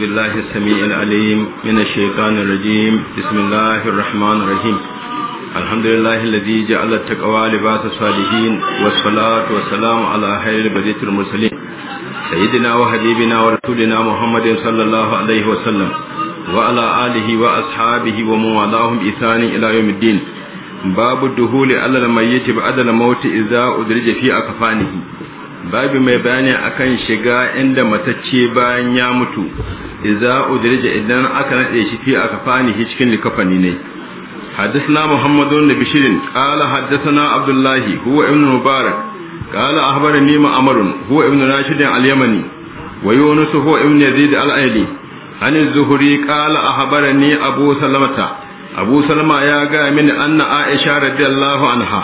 بالله السميع العليم من الشيطان الرجيم بسم الله الرحمن الرحيم الحمد لله الذي جعل التقوى لباس الصالحين والصلاة والسلام على خير البرية المرسلين سيدنا وحبيبنا ورسولنا محمد صلى الله عليه وسلم وعلى آله وأصحابه ومن والاهم بإحسان إلى يوم الدين باب الدخول على الميت بعد الموت إذا أدرج في أكفانه babi mai bayani akan shiga inda matacce bayan ya mutu Iza udirijja idan aka naɗe shi ce aka fahimtar cikin lukafanni ne. Hadashina Muhammadu da bishirin. Ƙala Hadashina Abdullahi, huwa Ibnu Mubarak, ƙala a Nima Amadun, huwa Ibnu Nashidun Aliyamani, wai wani su huwa Ibnu Nadi Al-Ayili? Hanin zuhuri. Ƙala a habarin ni Abu Salamata. Abu Salma ya ga min Anna Aisha rabeallahu anha.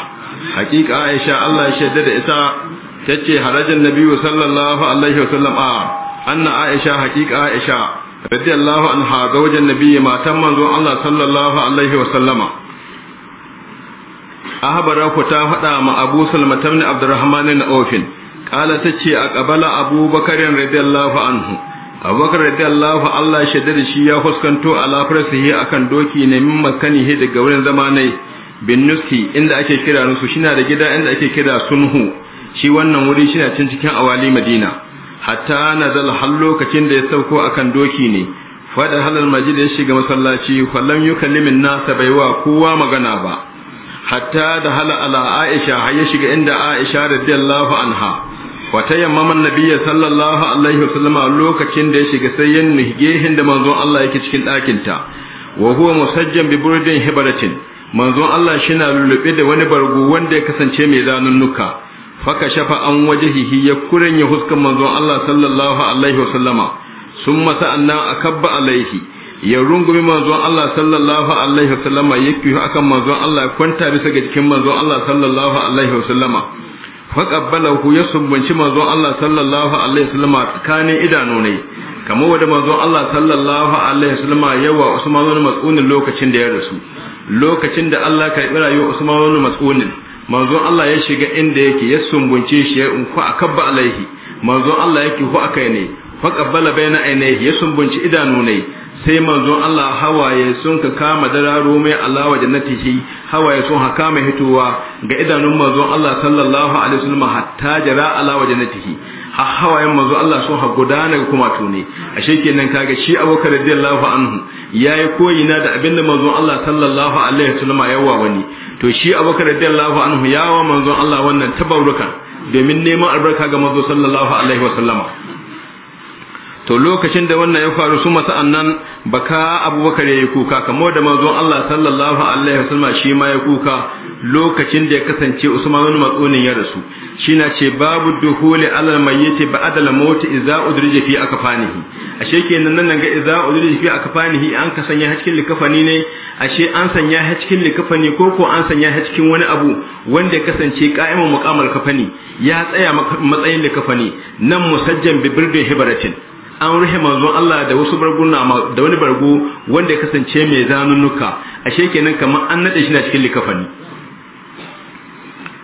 Haƙiƙa Aisha Allah shai da ita ta harajan na sallallahu alaihi wa a. anna aisha haƙiƙa aisha radiyallahu anha zaujan nabiyyi matan manzon Allah sallallahu alaihi wa sallama ahbara ku ta faɗa ma Abu Salma tamni Abdurrahman ibn Aufin ta tace a qabala Abu Bakar radiyallahu anhu Abubakar radiyallahu Allah shaddada shi ya fuskanto ala farsihi akan doki ne min makanihi daga wurin zamanai bin nuski inda ake kira nusu shina da gida inda ake kira sunhu shi wannan wuri shina cin cikin awali Madina hatta nazal har lokacin da ya sauko akan doki ne fada halal majid ya shiga masallaci fallan yukallimin nasa bai wa kowa magana ba hatta da hala ala aisha har ya shiga inda aisha radiyallahu anha wa tayammama nabiyyi sallallahu alaihi wasallama lokacin da ya shiga sai ya nige da manzon Allah yake cikin ɗakin ta wa huwa musajjan bi burdin hibaratin manzon Allah shi na lulube da wani bargo wanda ya kasance mai zanunnuka faka shafa an hi ya kuren ya huskan manzon Allah sallallahu alaihi wasallama sun masa annan akabba alaihi ya rungumi manzon Allah sallallahu alaihi wasallama ya kiyo akan manzon Allah ya kwanta bisa ga jikin manzon Allah sallallahu alaihi wasallama faqabbalahu ya sumbunci manzon Allah sallallahu alaihi wasallama tsakanin idanu ne kamar wanda manzon Allah sallallahu alaihi wasallama yawa Usman ibn Mas'ud lokacin da ya rasu lokacin da Allah ka yi rayuwar Usman ibn Mas'ud manzon Allah ya shiga inda yake ya sumbunce shi ya a akabba alaihi manzon Allah yake hu kai ne fa qabbala baina ainihi ya sumbunci idanu ne sai manzon Allah hawaye sun ka kama dararo mai Allah wa shi hawaye sun ha kama hitowa ga idanun manzon Allah sallallahu alaihi wasallam hatta jara ala wa shi ha hawayen manzon Allah sun ha gudana kuma tune ashe kenan kaga shi abokar radiyallahu anhu yayi koyina da abinda manzon Allah sallallahu alaihi wasallam ya wani to shi abubakar radiyallahu anhu yawa manzon Allah wannan tabarrukan domin neman albarka ga manzo sallallahu alaihi wa to lokacin da wannan ya faru su masa annan baka abubakar ya yi kuka kamar da manzon Allah sallallahu alaihi wasallam shi ma ya kuka lokacin da ya kasance Usman bin Matsunin ya rasu shi na ce babu duhuli alal mayyiti ba'da al-maut idza udrija fi akfanihi ashe kenan nan ga idza udrija fi akfanihi an ka sanya cikin likafani ne ashe an sanya hakkin cikin likafani ko ko an sanya hakkin cikin wani abu wanda ya kasance qa'imun muqamal kafani ya tsaya matsayin likafani nan musajjan bi birdin hibaratin an rufe manzon Allah da wasu barguna da wani bargu wanda ya kasance mai zanunnuka ashe kenan kamar an nade shi na cikin likafani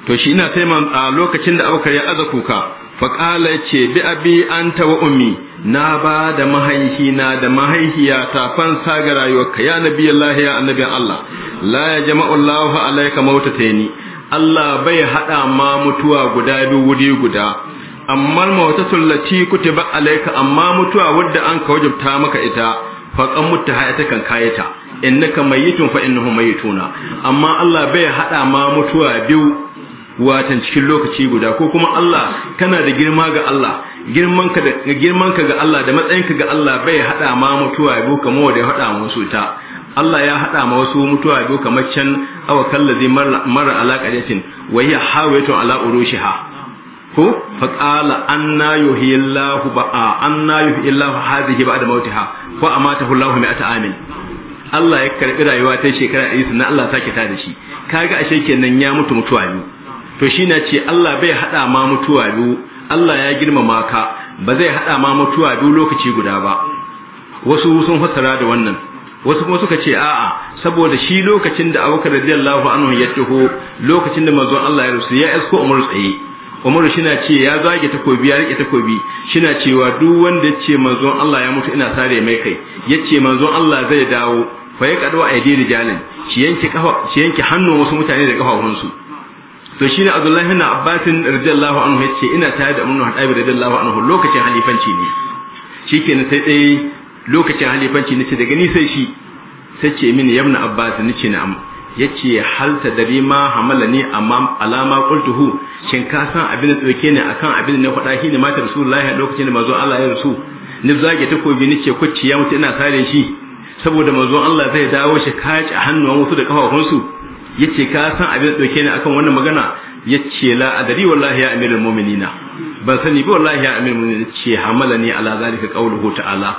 to shi ina sai a lokacin da Abubakar ya aza kuka fa qala ce bi abi anta wa ummi na ba da na da mahaihiya ta saga ga rayuwarka ya nabi Allah ya annabi Allah la ya jama'u Allah alayka mautataini Allah bai hada ma mutuwa guda biyu wuri guda amma mawtatul lati kutiba alayka amma mutuwa wadda an ka wajibta maka ita fa kan mutta hayata kan kayata innaka mayitun fa innahum mayituna amma Allah bai hada ma mutuwa biyu watan cikin lokaci guda ko kuma Allah kana da girma ga Allah girmanka da girmanka ga Allah da matsayinka ga Allah bai hada ma mutuwa biyu kamar wanda ya hada musu ta Allah ya haɗa ma wasu mutuwa biyu kamar can awa kallazi mara alaƙa yatin wa hiya hawayatun ala urushiha ko fa qala anna yuhyillahu ba'a anna yuhyillahu hadhihi ba'da mautiha fa amata Allahu ata amin Allah ya karbi rayuwa ta shekara 100 sannan Allah sake ta da shi kaga ashe kenan ya mutu mutuwa biyu? to shi na ce Allah bai hada ma mutuwa biyu Allah ya girmama ka ba zai hada ma mutuwa biyu lokaci guda ba wasu sun fassara da wannan wasu kuma suka ce a'a saboda shi lokacin da Bakar radiyallahu anhu ya taho lokacin da manzon Allah ya rusu ya isko Umar tsaye umaru shina ce ya zage takobi ya rike takobi shina cewa duk wanda ya ce manzon Allah ya mutu ina sare mai kai yace manzon Allah zai dawo fa ya kadwa aidi rijalin shi yanke kafa shi yanke hannu wasu mutane da su to shine Abdullahi ibn Abbas radiyallahu anhu yace ina tare da Ummu Hadabi radiyallahu anhu lokacin halifanci ne shikenan sai dai lokacin halifanci nace daga ni sai shi sai ce mini yabna Abbas nace na'am yace hal tadri ma hamalani amma alama qultuhu shin ka san abin da tsoke ne akan abin da na faɗa shi ne mata rasulullahi a lokacin da manzo Allah ya rasu ni zage takobi ni ce kucci ya mutu ina sare shi saboda manzo Allah zai dawo shi ka ci hannuwan wasu da su yace ka san abin da tsoke ne akan wannan magana yace la adri wallahi ya amirul mu'minina ban sani ba wallahi ya amir mun ce hamalani ala zalika qawluhu ta'ala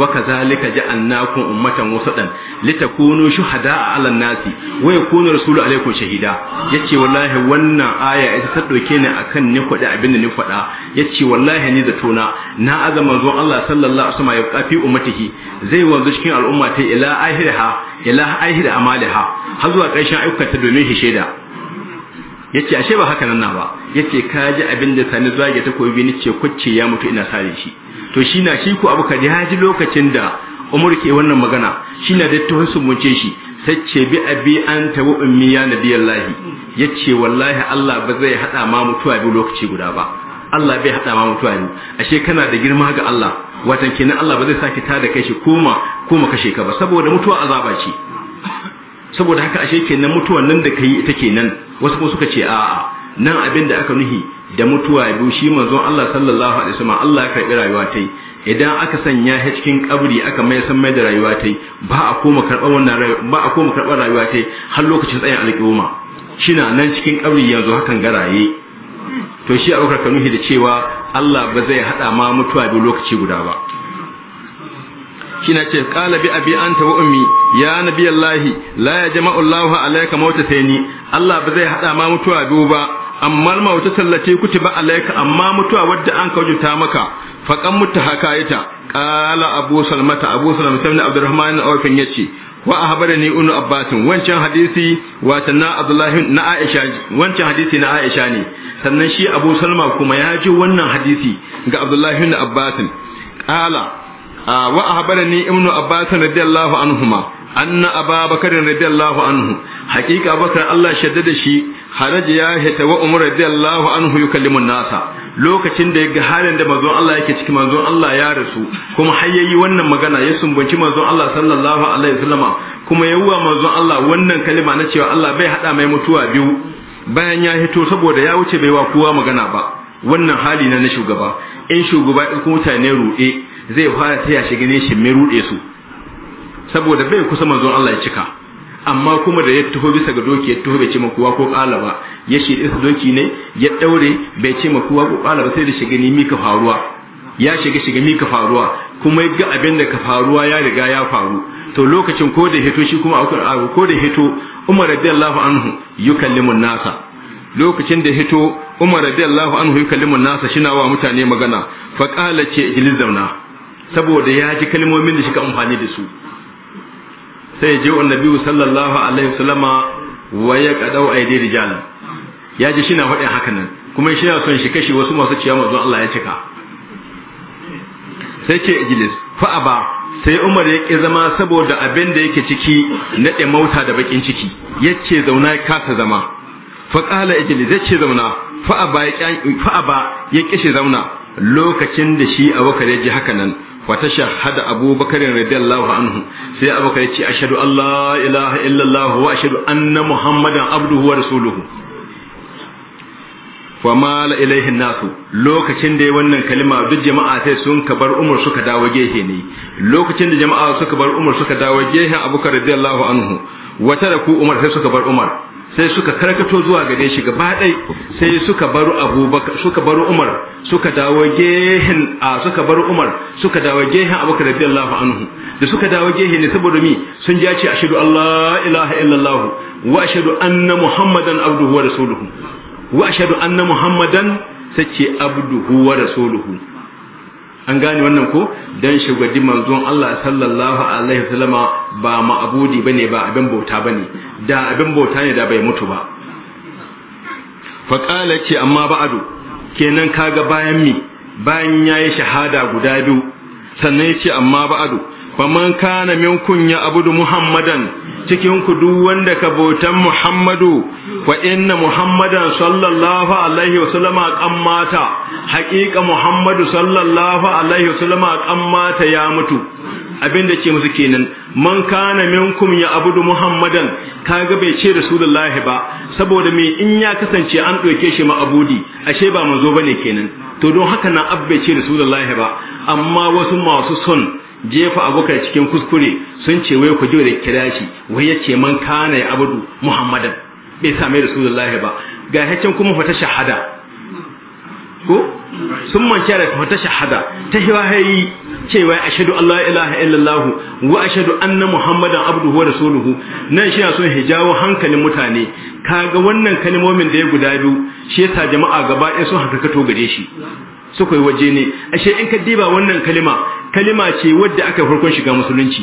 wa kadhalika ja'alnakum ummatan wasatan litakunu shuhada'a 'ala an-nasi wa yakunu rasulu alaykum shahida yace wallahi wannan aya ita ta doke ni akan ni kwada abin da ni fada yace wallahi ni zato na na azama zo Allah sallallahu alaihi wasallam ya kafi ummatihi zai wanzu cikin al'umma ta ila ahirha ila ahir amaliha har zuwa ƙarshen ayyukanta domin shi yace ashe ba haka nan ba yace ka ji abin da sani zage ta takobi ni ce kucce ya mutu ina sare shi to shi na shi ko abu ka ji haji lokacin da umar ke wannan magana shi na da tuhun sun munce shi sace bi abi an tabu ummi ya nabiyallahi yace wallahi Allah ba zai hada ma mutuwa bi lokaci guda ba Allah bai hada ma mutuwa ne ashe kana da girma ga Allah watan kenan Allah ba zai saki ta da kai shi koma koma kashe ka ba saboda mutuwa azaba ce saboda haka ashe kenan mutuwan nan da kai take nan wasu kuma suka ce a'a nan abin da aka nuhi da mutuwa biyu shi manzon Allah sallallahu alaihi wasallam Allah ya karbi rayuwa tai idan aka sanya ha cikin kabri aka mai san mai da rayuwa tai ba a koma karban wannan ba a koma karban rayuwa tai har lokacin tsayin shi shina nan cikin kabri yanzu hakan garaye to shi a ka nuhi da cewa Allah ba zai hada ma mutuwa biyu lokaci guda ba shine ce qala bi abi anta wa ummi ya allah la yajma'u allah alayka mautataini Allah ba zai hada ma mutuwa biyu ba amma mautu tallace kutiba alayka amma mutuwa wadda an kaujuta maka faqan mutta hakayita qala abu salmata abu salmata ibn abdurrahman awfin yace wa ahbarani unu abbasin wancan hadisi wa tanna abdullah ibn aisha wancan hadisi na aisha ne sannan shi abu salma kuma ya ji wannan hadisi ga abdullahi ibn abbasin qala wa ahbarani ibnu abbas radiyallahu anhuma anna ababakar radiyallahu anhu haqiqa bakar Allah shaddada shi haraja ya hita wa umar radiyallahu anhu yukallimun nasa lokacin da yaga halin da manzon Allah yake cikin manzon Allah ya rasu kuma har yayi wannan magana ya sumbunci manzon Allah sallallahu alaihi wasallama kuma yawa manzon Allah wannan kalima na cewa Allah bai hada mai mutuwa biyu bayan ya hito saboda ya wuce bai wa kowa magana ba wannan hali na na shugaba in shugaba in kuma mutane ruɗe zai fara taya shi gane shi mai rude su saboda bai kusa manzon Allah ya cika amma kuma da ya taho bisa ga doki ya taho bai ce makuwa ko kala ba ya shi isa doki ne ya daure bai ce makuwa ko kala ba sai da shiga ni mika faruwa ya shiga shiga mika faruwa kuma ya ga abin da ka faruwa ya riga ya faru to lokacin ko da hito shi kuma a akwai ko da hito Umar radiyallahu anhu yukallimu nasa lokacin da hito Umar radiyallahu anhu yukallimu nasa shina wa mutane magana fa qala ce ijlis zauna saboda ya ji kalmomin da shika amfani da su sai je wa nabi sallallahu alaihi wasallama wa ya qadau aidi rijal ya ji shina faɗin haka nan kuma shi na son shi kashi wasu masu ciya manzon Allah ya cika sai ce ijlis fa aba sai Umar ya ki zama saboda abin da yake ciki na mauta da bakin ciki yace zauna ya kasa zama fa qala ijlis yace zauna fa aba ya fa aba ya zauna lokacin da shi Abubakar ya ji haka nan Wa fatashahhada abubakar radiyallahu anhu sai abubakar ya ce ashhadu allah ilaha illallah wa ashhadu anna muhammadan abduhu wa rasuluhu wa ma mala ilaihin nasu lokacin da ya wannan kalima duk jama'a sai sun ka bar umar suka dawo gehe ne lokacin da jama'a suka bar umar suka dawo gehe abubakar radiyallahu anhu wa taraku umar sai suka bar umar sai suka karkato zuwa gare shi gaba ɗai sai suka baro abubakar suka baro umar suka dawo gehen a suka baro umar suka dawo gehen abubakar radiyallahu anhu da suka dawo gehen ne saboda mi sun ji ce ashhadu allah ilaha illallah wa ashhadu anna muhammadan abduhu wa rasuluhu wa ashhadu anna muhammadan sace abduhu wa rasuluhu an gane wannan ko dan shugadi manzon Allah sallallahu alaihi wasallama ba ma'abudi bane ba abin bauta bane da abin bauta ne da bai mutu ba fa qala ce amma ba'adu kenan kaga bayan mi bayan yayi shahada guda biyu sannan yace amma ba'adu faman kana minkun ya abudu muhammadan cikin ku duk wanda ka bautan Muhammadu wa inna Muhammadan sallallahu alaihi wasallama kan mata haƙiƙa Muhammadu sallallahu alaihi wasallama kan mata ya mutu abin da ce musu kenan man kana minkum ya abudu muhammadan kaga bai ce rasulullahi ba saboda me in ya kasance an ɗauke shi ma'abudi ashe ba manzo bane kenan to don haka na abbe ce rasulullahi ba amma wasu masu son jefa abokai cikin kuskure sun ce wai ku ji da kirashi wai ya man kana abudu muhammadan bai sa mai rasulullahi ba ga haccin kuma fata shahada ko sun mance da fata shahada ta hiwa hayi cewa ashhadu an la ilaha illallah wa ashhadu anna muhammadan abduhu wa rasuluhu nan shi na son hijawo hankalin mutane kaga wannan kalmomin da ya guda biyu shi yasa jama'a gaba ɗaya sun hakakato to gare shi suka yi waje ne ashe in ka diba wannan kalima kalima ce wadda aka farkon shiga musulunci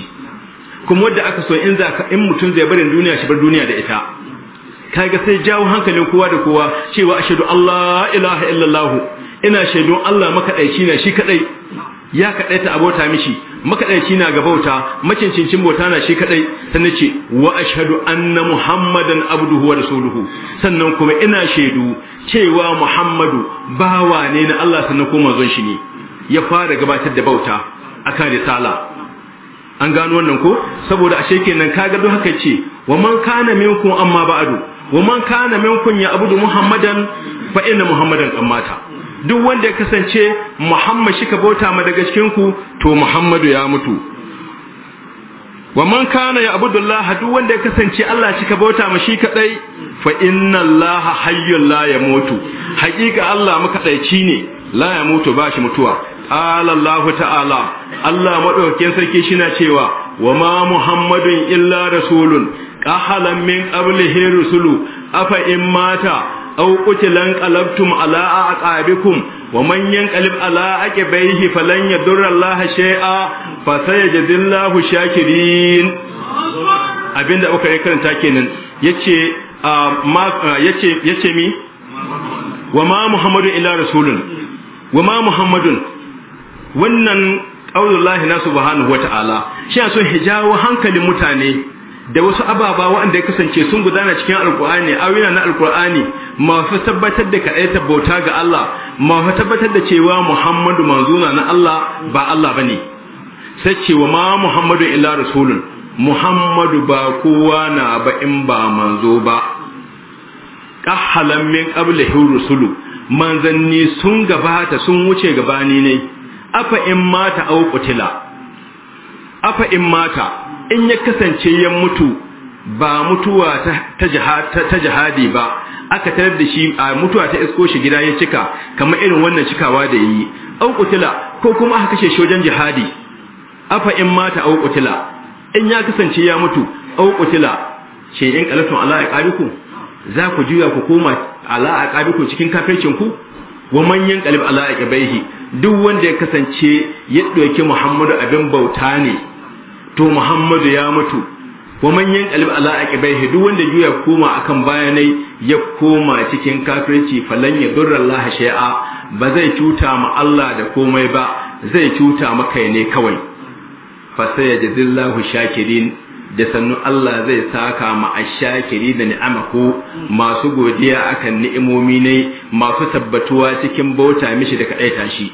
kuma wadda aka so in za in mutum zai barin duniya shi bar duniya da ita kaga sai jawo hankalin kowa da kowa cewa ashhadu Allah ilaha illallah ina shaidu Allah makadaici na shi kadai ya ta abota mishi makadaici na ga bauta macincincin bauta na shi kadai sannan ce wa ashhadu anna muhammadan abduhu wa rasuluhu sannan kuma ina shaidu cewa muhammadu bawa ne na Allah sannan kuma manzon shi ne ya fara gabatar da bauta akan risala an gano wannan ko saboda ashe kenan kaga duk haka ce wa man kana minkum amma ba'du wa man kana minkum ya abudu muhammadan fa inna muhammadan kamata duk wanda ya kasance muhammad shi ka bauta ma daga cikin ku to muhammadu ya mutu wa man kana ya abudu allah duk wanda ya kasance allah shi ka bauta ma shi kadai fa inna allah hayyul la yamutu haqiqa allah muka makadaici ne la yamutu ba shi mutuwa qala allah ta'ala Allah madaukakin sarki shina cewa wa ma muhammadun illa rasulun qahalan min qablihi rusulu afa in mata aw qutilan qalabtum a aqabikum wa man yanqalib ala aqibaihi falan yadurra Allah shai'a fa sayajzillahu shakirin abinda aka yi karanta kenan Ya ce yace mi wa ma muhammadun illa rasulun wa ma muhammadun wannan qaulullahi na subhanahu wata'ala shi a so hijawo hankalin mutane da wasu ababa waɗanda ya kasance sun gudana cikin alkur'ani awina na alkur'ani masu tabbatar da kaɗai bauta ga Allah masu tabbatar da cewa Muhammadu manzuna na Allah ba Allah bane sai cewa ma Muhammadu illa rasulun Muhammadu ba kowa na ba in ba manzo ba qahalan min qablihi rusulu manzanni sun gabata sun wuce gabani ne afa in mata au kutila afa in mata in ya kasance ya mutu ba mutuwa ta ta jihadi ba aka tarar da shi a mutuwa ta isko shi gida ya cika kamar irin wannan cikawa da yi au kutila ko kuma aka kashe shojan jihadi afa in mata au kutila in ya kasance ya mutu au kutila shi in qalatun ala aqabikum za ku juya ku koma ala ku cikin kafircin ku wa manyan Allah ya baihi duk wanda ya kasance ya doke Muhammadu abin bauta ne to Muhammadu ya mutu wa manyan Allah ya baihi duk wanda ya koma akan bayanai ya koma cikin kafirci falan ya durra Allah shay'a ba zai cuta ma Allah da komai ba zai cuta maka ne kawai fa sai shakirin da sannu Allah zai saka ma ashakiri da ni'amahu masu godiya akan ni'imomi ne masu tabbatuwa cikin bauta mishi da kadaita shi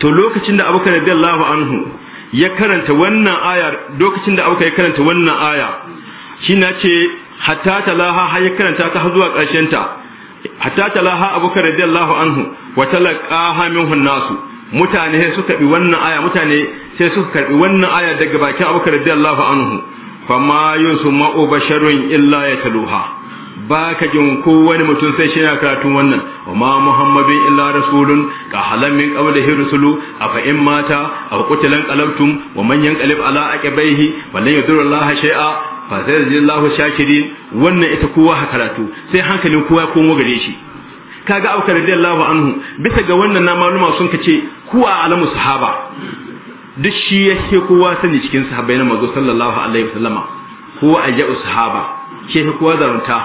to lokacin da abubakar radiyallahu anhu ya karanta wannan aya lokacin da abubakar ya karanta wannan aya shi na ce hatta talaha har ya karanta ta zuwa karshen ta hatta talaha abubakar radiyallahu anhu wa talaqaha minhu nasu mutane sai suka bi wannan aya mutane sai suka karbi wannan aya daga bakin Abu Bakar radiyallahu anhu fama yusma ubasharun illa yataluha baka jin ko wani mutum sai shi yana karatun wannan amma muhammadin illa rasulun ka halam min qabla rusulu afa in mata aw qutilan qalabtum wa man yanqalib ala aqibaihi wa lan yadur Allah shay'a fa sayajillahu shakirin wannan ita kowa ha karatu sai hankalin kowa ko mu gare shi kaga abu radiyallahu anhu bisa ga wannan na maluma sun kace kuwa alamu sahaba duk shi yake kowa sani cikin sahabbai na mazo sallallahu alaihi wasallama kuwa ajau sahaba shi yake kowa zarunta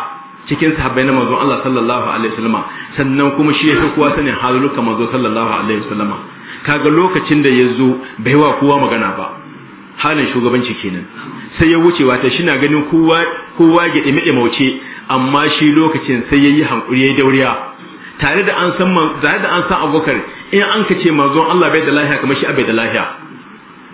cikin sahabbai na mazo Allah sallallahu alaihi wasallama sannan kuma shi yake kowa sani haluluka mazo sallallahu alaihi wasallama kaga lokacin da yazo bai wa kowa magana ba halin shugabanci kenan sai ya wuce wata shi na ganin kowa kowa ya dimi mauce amma shi lokacin sai yayi hankuri ya dauriya tare da an san tare da an san abubakar in an ka manzon Allah bai da lahiya kamar shi bai da lahiya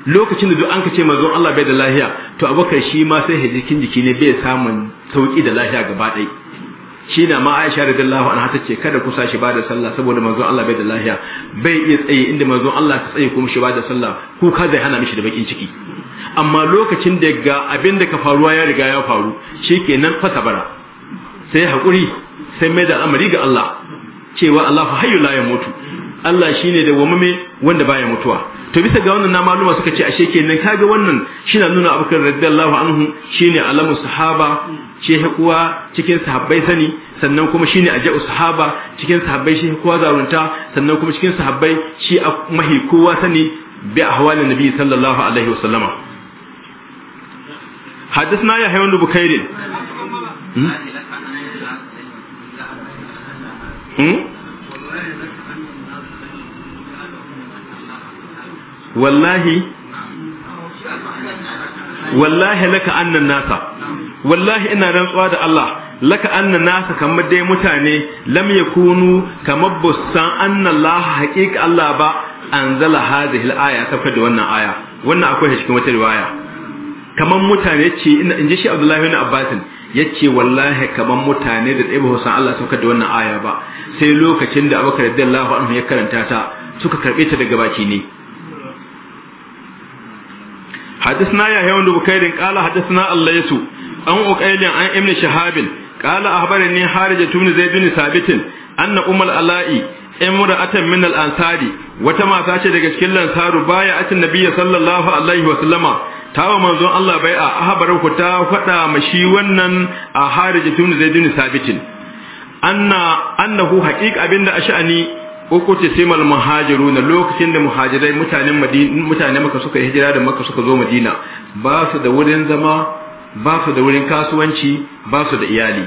lokacin da duk an ka ce manzon Allah bai da lahiya to abubakar shi ma sai hijikin jiki ne bai samun sauki da lahiya gaba ɗaya shi na ma Aisha radiyallahu anha ta ce kada ku sashi ba da sallah saboda manzon Allah bai da lahiya bai iya tsaye inda manzon Allah ka tsaye kuma shi ba da sallah ku ka zai hana mishi da bakin ciki amma lokacin da ga abin da ka faruwa ya riga ya faru shikenan fa bara sai hakuri sai mai da amari ga Allah cewa Allahu hayyu la yamutu Allah shine da wamame wanda baya mutuwa to bisa ga wannan na maluma suka ce ashe kenan kaga wannan shine nuna Abubakar radiyallahu anhu shine alamu sahaba ce kuwa cikin sahabbai sani sannan kuma shine ajau sahaba cikin sahabbai shi kuwa zarunta sannan kuma cikin sahabbai shi mahi kowa sani bi ahwalin nabi sallallahu alaihi wasallama حدثنا يحيى بن بكير Hmm? wallahi wallahi laka annan nasa wallahi ina rantsuwa da Allah laka annan nasa kamar dai mutane lam yakunu kamar bussan annan Allah haƙiƙa Allah ba anzala hadhihi al-aya ta da wannan aya wannan akwai cikin wata riwaya kaman mutane yace in ji shi Abdullahi ibn Abbas yace wallahi kamar mutane da dai ba san Allah saukar da wannan aya ba sai lokacin da Abubakar radiyallahu anhu ya karanta ta suka karbe ta daga baki ne حدثنا يحيى بن بكير قال حدثنا الليث عن أقيل عن ابن شهاب قال أخبرني حارجة بن زيد بن ثابت أن أم الألاء امرأة من wata وتما تاشي daga cikin lansaru baya atin nabiyyi sallallahu alaihi wa sallama tawa manzon Allah bai a ahabarin ku ta faɗa ma shi wannan a harij tun zai bin sabitin anna annahu haqiq abinda ash'ani ukuti simal muhajiruna lokacin da muhajirai mutanen madina mutane maka suka hijira da maka suka zo madina ba su da wurin zama ba su da wurin kasuwanci ba su da iyali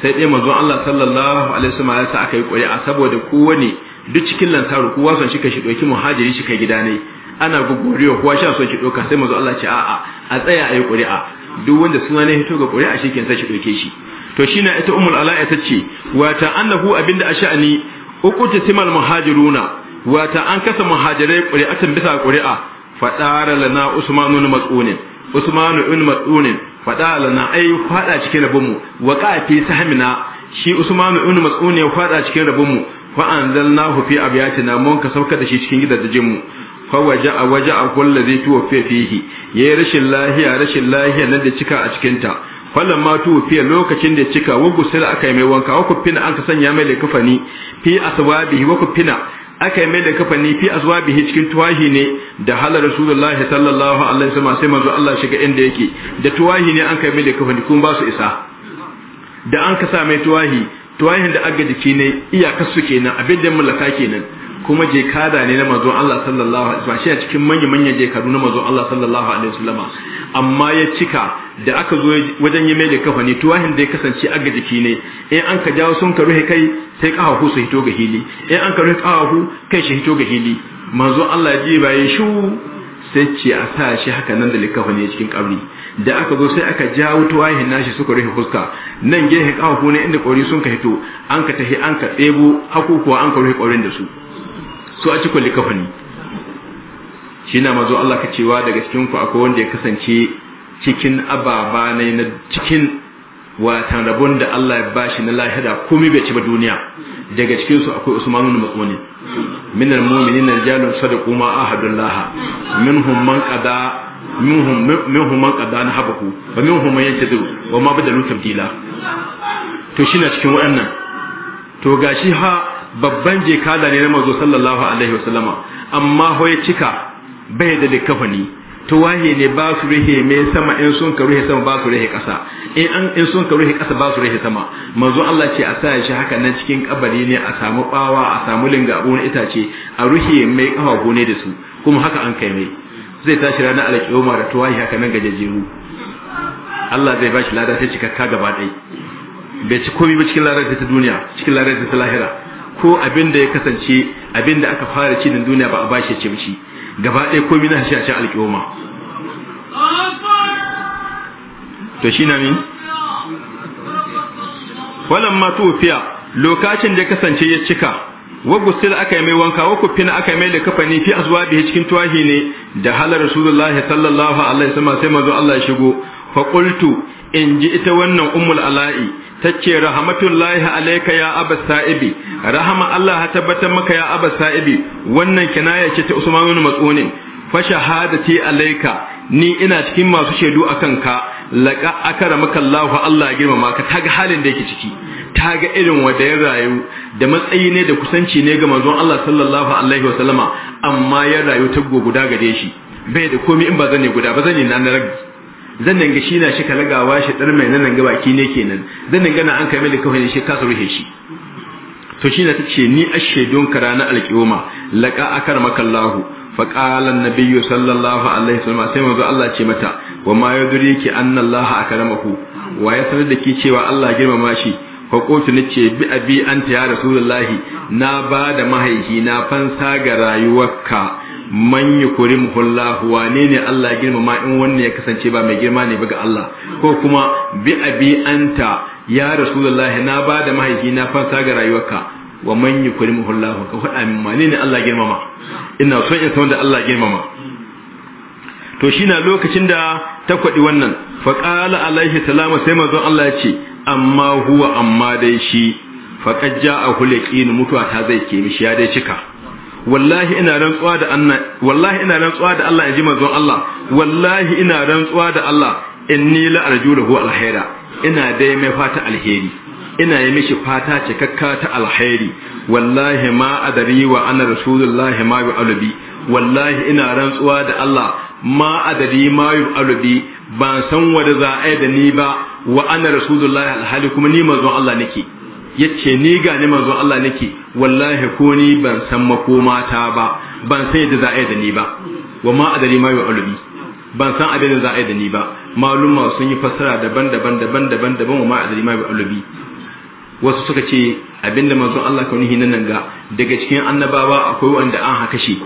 sai dai manzon Allah sallallahu alaihi wasallam ya sa aka yi ƙuri'a saboda kowane duk cikin lantaru kowa son shi ka shi ɗauki muhajiri shi kai gida ne ana gugurewa kowa sha so shi doka sai manzo Allah ce a'a a tsaya ayi ƙuri'a duk wanda suna ne hito ga ƙuri'a shikenan sai shi doke shi to shine ita ummul ta ce wa ta annahu abinda asha'ani uqutu timal muhajiruna wa ta an kasa muhajirai ƙuri'atan bisa ƙuri'a fadara lana usmanu ibn mas'un usmanu ibn mas'unin fadara lana ai fada cikin mu wa qafi sahmina shi usmanu ibn mas'un ya fada cikin mu fa anzalnahu fi abyatina mun ka sauka da shi cikin gidajen mu fawaja a waje a kulle zai tuwafe fihi ya yi rashin lahiya rashin lahiya nan da cika a cikinta falon ma tuwafiya lokacin da cika wagu sai aka yi mai wanka waku fina an ka sanya mai da kafani fi aswabihi waku fina aka yi mai da kafani fi aswabihi cikin tuwahi ne da halar rasulullahi sallallahu alaihi wasallam sai manzo Allah shiga inda yake da tuwahi ne an kai mai da kafani kun ba su isa da an ka sa mai tuwahi tuwahin da aga jiki ne iyakar su kenan abin da mulaka kenan kuma jekada ne na mazo Allah sallallahu alaihi wasallam shi a cikin manyan manyan jekadu na mazo Allah sallallahu alaihi wasallam amma ya cika da aka zo wajen yi mai da kafa ne tuwahin da ya kasance aga jiki ne in an ka jawo sun ka ruhe kai sai hafu su hito ga hili in an ka ruhe hafu kai shi hito ga hili manzon Allah ji bayan shu sai ce a sa shi haka nan da likafa ne cikin kabri da aka zo sai aka jawo tuwahin nashi suka rufe fuska nan gehe kafafu ne inda kori sun ka hito an ka tahi an ka tsebo hakukuwa an ka rufe korin da su su a cikin likafani shi na mazo Allah ka cewa daga cikin ku akwai wanda ya kasance cikin ababa na cikin watan rabon da Allah ya bashi na lahira komai bai ci ba duniya daga cikin su akwai Usman bin Mas'ud min al-mu'minin rijalun sadaqu ma ahadullah minhum man qada minhum minhum man qada nahabahu wa minhum man yantazir wa ma badalu tabdila to shi na cikin waɗannan to gashi ha babban jekada ne na mazo sallallahu alaihi wasallama amma ya cika bai da likafani to waye ne ba su rihe me sama in sun ka rihe sama ba su rihe kasa in an in sun ka rihe kasa ba su rihe sama manzo Allah ce a sa shi haka nan cikin kabari ne a samu bawa a samu linga abu na itace a rihe mai kafa gone da su kuma haka an kai mai zai tashi ranar alƙiyoma da tuwahi haka nan gajejeru Allah zai bashi lada sai cikakka gaba ɗaya bai ci komai ba cikin lada ta duniya cikin lada ta lahira ko abin da ya kasance abin da aka fara ci din duniya ba a bashi ci mishi gaba ɗaya komai na shi a cikin alƙiyoma to shi na min Wannan ma tufiya lokacin da ya kasance ya cika wa gusil aka yi mai wanka wa kufina aka yi mai da kafani fi azuwa bi cikin tuwahi ne da halar rasulullahi sallallahu alaihi wasallam sai manzo Allah ya shigo fa qultu in ji ita wannan ummul ala'i tace rahmatullahi alayka ya aba sa'ibi rahama Allah ta tabbatar maka ya aba sa'ibi wannan kinaya ce ta Usman ibn Matsuni fa shahadati alayka ni ina cikin masu shaidu akan ka laqa akramaka Allah Allah ya girmama ka taga halin da yake ciki taga irin wanda ya rayu da matsayi ne da kusanci ne ga manzon Allah sallallahu alaihi wasallama amma ya rayu ta guda gare shi bai da komai in ba zan yi guda ba zan na na Zan danga shi na shi kalagawa shi dar mai nan ga baki ne kenan zan gana an kai mai kawai shi ka rufe shi to shi na tace ni ashedun karana alqiyama laqa akarmaka Allah fa qala an sallallahu alaihi wasallam sai manzo Allah ce mata wa ma yadriki anna Allah akramahu wa ya sanar da ki cewa Allah girmama shi fa qultu nace bi abi anta ya rasulullahi na ba da na fansa ga rayuwarka man yukrimuhu Allah wane ne Allah girmama in wannan ya kasance ba mai girma ne ga Allah ko kuma bi abi anta ya rasulullahi na ba da mahaifi na fansa ga rayuwarka wa man yukrimuhu Allah ka faɗa min wane ne Allah girmama ina son in san da Allah girmama to shi na lokacin da ta kwaɗi wannan faƙala alaihi salama sai mazan Allah ya ce amma huwa amma dai shi faƙajja a hulaƙi mutuwa ta zai ke mishi ya dai cika wallahi ina rantsuwa da Allah wallahi ina rantsuwa da Allah manzon Allah wallahi ina rantsuwa da Allah inni la arju lahu alkhaira ina dai mai fata alheri ina yi mishi fata cikakka ta alheri wallahi ma adari wa ana rasulullahi ma bi alubi wallahi ina rantsuwa da Allah ma adari ma alubi ban san wanda za a yi da ni ba wa ana rasulullahi alhali kuma ni manzon Allah nake yace ni ga ni manzon Allah nake wallahi ko ni ban san makoma ta ba ban san yadda za a yi da ni ba wa ma adari ma yu alubi ban san abin da za a yi da ni ba maluma sun yi fassara daban-daban daban-daban daban wa ma adari ma yu alubi wasu suka ce abin da manzon Allah ka nihi nan ga daga cikin annabawa akwai wanda an haka shi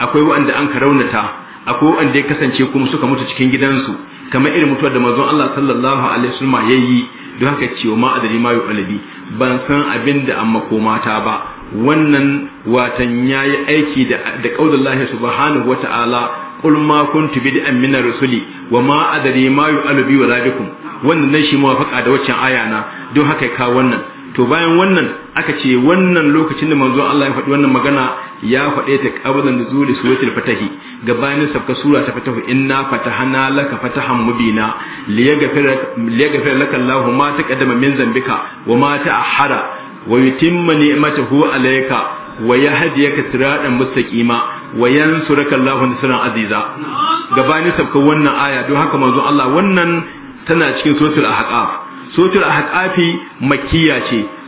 akwai wanda an karaunata akwai wanda ya kasance kuma suka mutu cikin gidansu kamar irin mutuwar da manzon Allah sallallahu alaihi wasallam yayi don haka cewa ma adari ma yu alubi ban san abin da amma ko mata ba wannan watan yayi aiki da da qaulullahi subhanahu wata'ala kul ma kuntu min rusuli wa ma adri ma yu'alu bi wala bikum wannan shi muwafaqa da waccan aya na don haka ka wannan to bayan wannan aka ce wannan lokacin da manzo Allah ya faɗi wannan magana ya faɗe ta zuri su wata fatahi gabanin sabka sura ta fatahu inna fatahana laka fatahan mubina liyaghfir laka Allah ma ƙadama min zambika wa ma ahara wa yutimma ni'matahu alaika wa yahdiyaka siratan mustaqima wa Allah Allahu suna aziza Gabanin sabka wannan aya don haka manzo Allah wannan tana cikin suratul ahqaf ce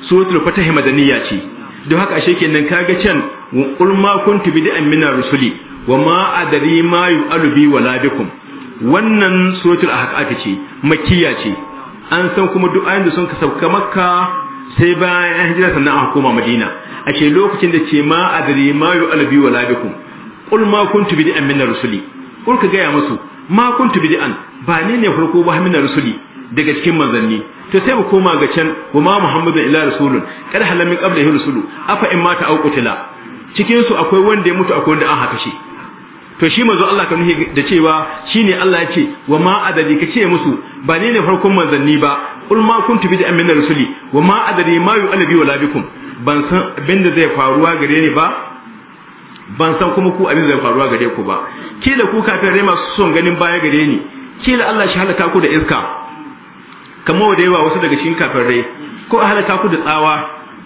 suratul fatahi madaniya ce don haka ashe kenan kaga can qul ma kuntu bid'an min ar-rusuli wa ma adri ma yu'alu bi wala bikum wannan suratul ahqaf ce makkiya ce an san kuma duk ayoyin da sun ka sauka makka sai bayan an hijira sannan an koma madina ashe lokacin da ce ma adri ma yu'alu bi wala bikum qul ma kuntu bid'an min ar-rusuli qul ka gaya musu ma kuntu bid'an ba ne ne farko ba min ar-rusuli daga cikin manzanni to sai mu koma ga can wa ma muhammadu illa rasulun kad halal min qabla rusulu afa in mata au qutila cikin su akwai wanda ya mutu akwai wanda an haka shi to shi manzo Allah ka nuhi da cewa shine Allah ya ce wa ma adadi ka ce musu ba ni ne farkon manzanni ba ul ma kuntu bi min rasuli. wa ma adadi ma yu'albi wala bikum ban san abin da zai faruwa gare ni ba ban san kuma ku abin da zai faruwa gare ku ba kila ku kafin rai masu son ganin baya gare ni kila Allah shi halaka ku da iska kamar da yawa wasu daga cikin kafirai ko halaka ku da tsawa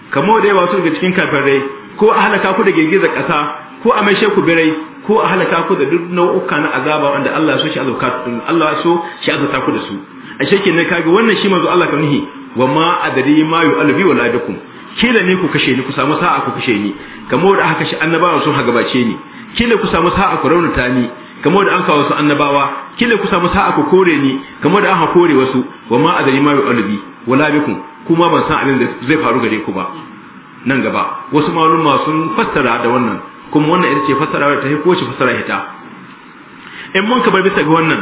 kamar da yawa wasu daga cikin kafirai ko a halaka ku da girgiza ƙasa ko a maishe ku birai ko a halaka ku da duk nau'uka na azaba wanda Allah so shi azauka Allah so shi azauta ku da su a shekin ne kaga wannan shi manzo Allah kan nihi wa ma adri ma albi wa ladakum kila ne ku kashe ni ku samu sa'a ku kashe ni kamar da aka kashe annabawa sun ha gabace ni kila ku samu sa'a ku raunata ni kamar da an kawo su annabawa kila ku samu sa'a ku kore ni kamar da an kore wasu wa ma adri ma albi wa ladakum kuma ban san abin da zai faru gare ku ba nan gaba wasu maluma sun fassara da wannan kuma wannan ita ce fassara ta ko ce fassara ita in mun ka bar bisa ga wannan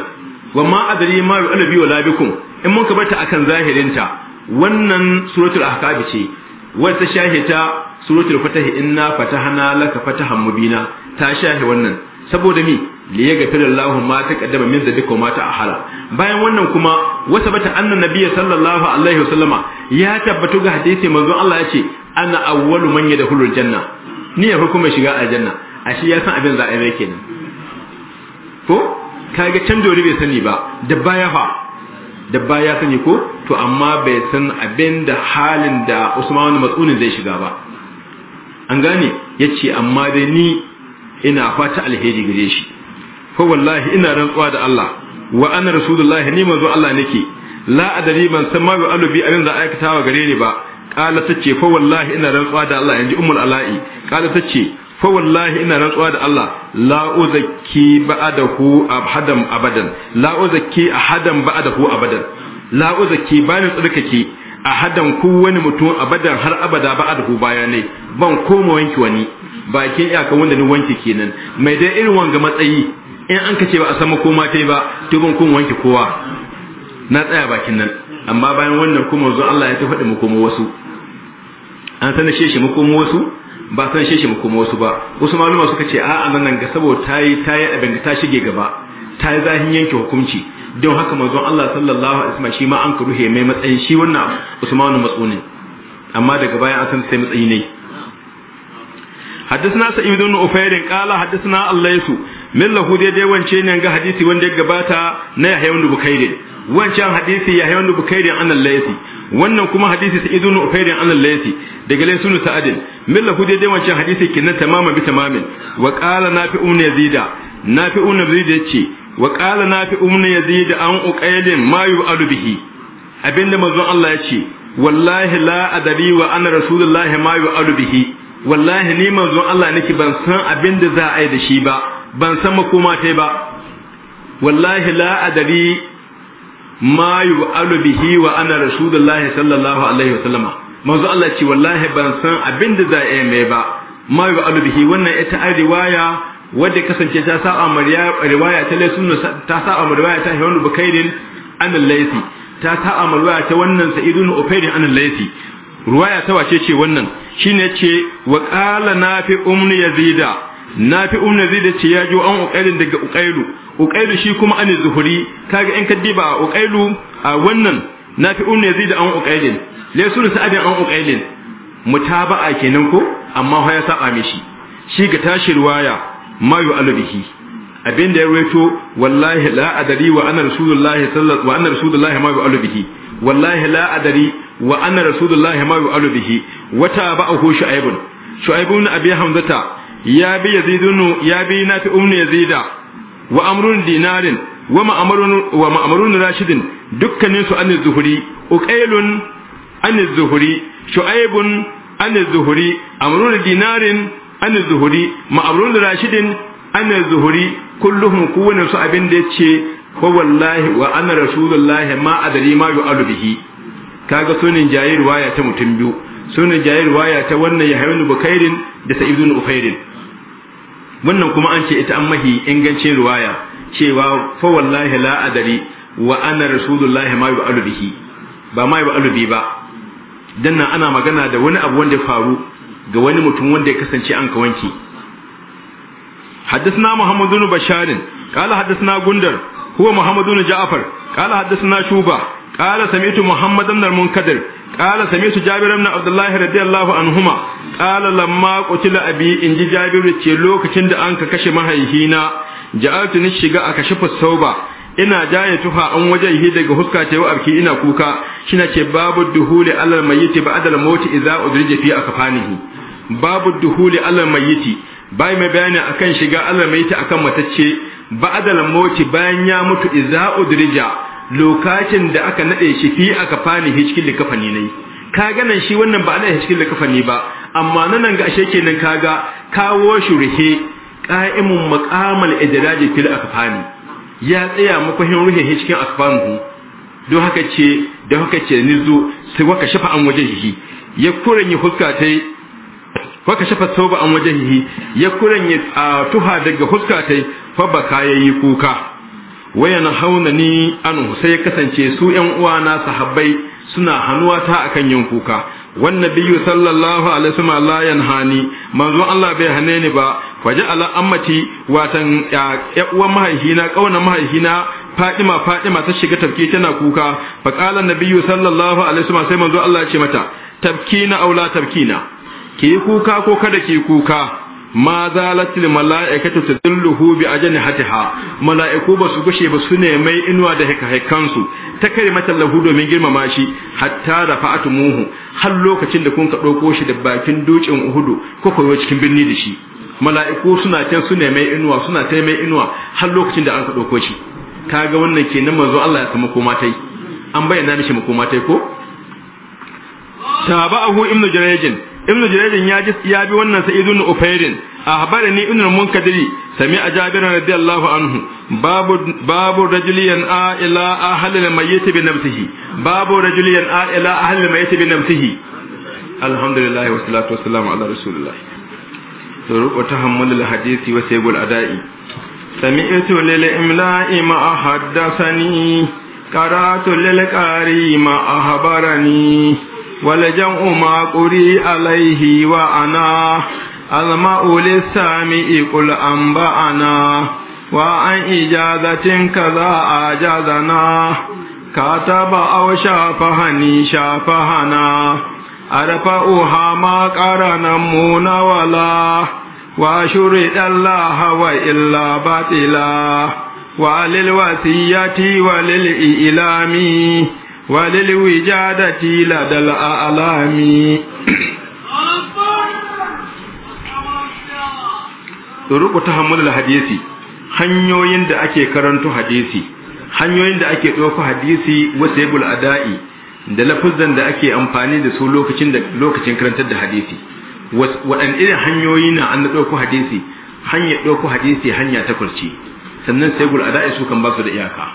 wa ma adri ma yu alabi wa bikum in mun ka bar ta akan zahirin ta wannan suratul ahqab ce wata shahita suratul fatah inna fatahna laka fatahan mubina ta shahi wannan saboda mi li yaghfirallahu ma taqaddama min dhanbika wa ma ahala bayan wannan kuma wata bata annan nabiyyi sallallahu alaihi wasallama ya tabbatu ga hadisi manzon Allah ya ce. ana awwalu da yadkhulul janna ni ya mai shiga aljanna ashe ya san abin za a yi kenan ko kaga can dole bai sani ba da baya fa da baya sani ko to amma bai san abin da halin da Usman Mas'unin zai shiga ba an gane yace amma dai ni ina fata alheri gare shi ko wallahi ina rantsuwa da Allah wa ana rasulullahi ni manzo Allah nake la adari ban san ma bi alubi abin za da wa gare ni ba kala tace fa wallahi ina rantsuwa da Allah yanzu ummul ala'i kala tace fa wallahi ina rantsuwa da Allah la uzakki ba'adahu abadan abadan la uzakki ahadan ba'adahu abadan la uzakki ba ni tsarkake ahadan ku wani mutum abadan har abada baya ne ban koma wanki wani bakin iyakan wanda ni wanki kenan mai dai irin wanga matsayi in an kace ba a sama koma tai ba to ban kun wanki kowa na tsaya bakin nan amma bayan wannan kuma zo Allah ya ta faɗi makomo wasu an san shi makomo wasu ba san shi shi makomo wasu ba wasu maluma suka ce a'a nan ga saboda tayi tayi abin da ta shige gaba ta yi zahin yanke hukunci don haka manzon Allah sallallahu alaihi wasallam shi ma an karuhe mai matsayin shi wannan Usman matsunin amma daga baya an san sai matsayi ne حدثنا سعيد بن أفير قال حدثنا الليث millahu daidai wance ne ga hadisi wanda ya gabata na Yahya ibn Bukairin wancan hadisi Yahya ibn Bukairin an al-Laythi wannan kuma hadisi Sa'id ibn Ufairin an al-Laythi daga Laysun Sa'adin millahu daidai wancan hadisi kinnan tamama bi tamamin wa qala nafi ibn Yazid nafi ibn Yazid yace wa qala nafi ibn Yazid an uqailin ma yu'adu bihi abinda manzon Allah yace wallahi la adabi wa ana rasulullahi ma yu'adu bihi wallahi ni manzon Allah nake ban san abinda za a yi da shi ba ban san makoma tai ba wallahi la adari ma yu'alu bihi wa ana rasulullahi sallallahu alaihi wa sallama manzo Allah ce wallahi ban san abin da za a yi mai ba ma yu'alu bihi wannan ita ai riwaya wadda kasance ta sa ma riwaya ta laysun ta sa ma riwaya ta hewanu bukairin an laysi ta sa ma ta wannan sa'idun ufairin an laysi riwaya ta wace ce wannan shine ce wa qala nafi umni yazida fi umna zai da ce ya jo an uqailin daga ukailu ukailu shi kuma ani zuhuri kaga in kaddiba ukailu a wannan fi umna zai da an ukailin laysu da sa'adin an ukailin mutaba'a kenan ko amma fa ya saba mishi shi ga tashi riwaya ma yu'alu bihi abin da ya rawaito wallahi la adari wa anna rasulullahi sallallahu wa anna rasulullahi ma yu'alu bihi wallahi la adari wa anna rasulullahi ma yu'alu bihi wata ba'ahu shu'aibun shu'aibun abi hamzata ya bi yazidunu ya bi nafi umnu yazida wa amrun dinarin wa ma'amarun wa ma'amarun rashidin dukkanin su an zuhuri uqailun an zuhuri shu'aibun an zuhuri amrun dinarin an zuhuri ma'amarun rashidin an zuhuri kulluhum kowane su abin da yace fa wallahi wa ana rasulullahi ma adari ma yu'alu bihi kaga sunin jayi riwaya ta mutum biyu suna jayi riwaya ta wannan Yahya Bukairin da Sa'id ibn Ufairin wannan kuma an ce ita an mahi ingancin riwaya cewa fa wallahi la adari wa ana rasulullahi ma yu'alu bihi ba ma yu'alu alubi ba dan nan ana magana da wani abu wanda ya faru ga wani mutum wanda ya kasance an ka wanki حدثنا محمد بن بشار قال حدثنا غندر هو محمد بن جعفر قال حدثنا شوبه قال سمعت محمد بن المنكدر قال سمعت جابر بن عبد الله رضي الله عنهما قال لما قتل ابي انجي جابر ce lokacin da anka kashe mahaihina ja'altu ni shiga aka shafa sauba ina jaye tuha an yi daga huska ta abki ina kuka shina ce babu duhuli alal mayyiti ba'da al mauti idza udrija fi akfanihi babu duhuli alal mayyiti bai mai bayani akan shiga alal mayyiti akan matacce ba'da al mauti bayan ya mutu idza udrija lokacin da aka nade shi fi aka fani hi cikin likafani ne ka ganin shi wannan ba ana cikin likafani ba amma nan ga ashe kenan kaga kawo shi rihe qa'imun maqamal idraji fil akfani ya tsaya makwahin ruhe hi cikin akfanu don haka ce don haka ce zo sai waka shafa an shi ya kuran yi huska tai waka shafa sauba an shi ya kuran yi tuha daga huska tai fa baka yayi kuka waya na hauna ni anu sai ya kasance su yan uwana sahabbai suna hannuwa ta akan yin kuka wannan biyu sallallahu alaihi wasallam la yanhani manzo Allah bai hane ni ba ala ammati watan ya uwan mahaihina kauna mahaihina Fatima Fatima ta shiga tafki tana kuka fa qala nabiyyu sallallahu alaihi wasallam sai manzo Allah ya ce mata tabkina aula tabkina ki kuka ko kada ki kuka ma zalatil mala'ikatu tadulluhu bi hatiha mala'iku ba su gushe ba su ne mai inuwa da hikahikansu ta karimatar lahu domin girmama shi hatta rafa'atu muhu har lokacin da kun ka dauko shi da bakin dukin uhudu ko koyo cikin birni da shi mala'iku suna ta su ne mai inuwa suna ta mai inuwa har lokacin da an ka dauko shi kaga wannan kenan manzo Allah ya samu komatai an bayyana mishi makomatai ko tabahu ibnu jarayjin ibn jurayrin ya ji ya bi wannan sa'id ibn ufairin ahbarani ibn munkadiri sami a jabir radiyallahu anhu babu babu rajuliyan a ila ahli al-mayyit bi nafsihi babu rajuliyan a ila ahli al-mayyit bi nafsihi alhamdulillah wa salatu wa ala rasulillah turuq tahammul al-hadisi wa sayyid al-ada'i ولجمع ما قري عليه وأنا ألمع للسامع قل أنبأنا وعن إجازة كذا أجازنا كتب أو شافهني شافهنا أرفعها ما قرن مون ولا وشرد الله وإلا باطلا وللوصية وللإلام وللوجادة لدى الأعلام ruku ta hamulul hadisi hanyoyin da ake karanto hadisi hanyoyin da ake ɗauko hadisi wasu yabul ada'i da lafuzan da ake amfani da su lokacin da lokacin karantar da hadisi waɗanne irin hanyoyi na an ɗauko hadisi hanya ɗauko hadisi hanya ta kurci sannan sai gul ada'i su kan ba su da iyaka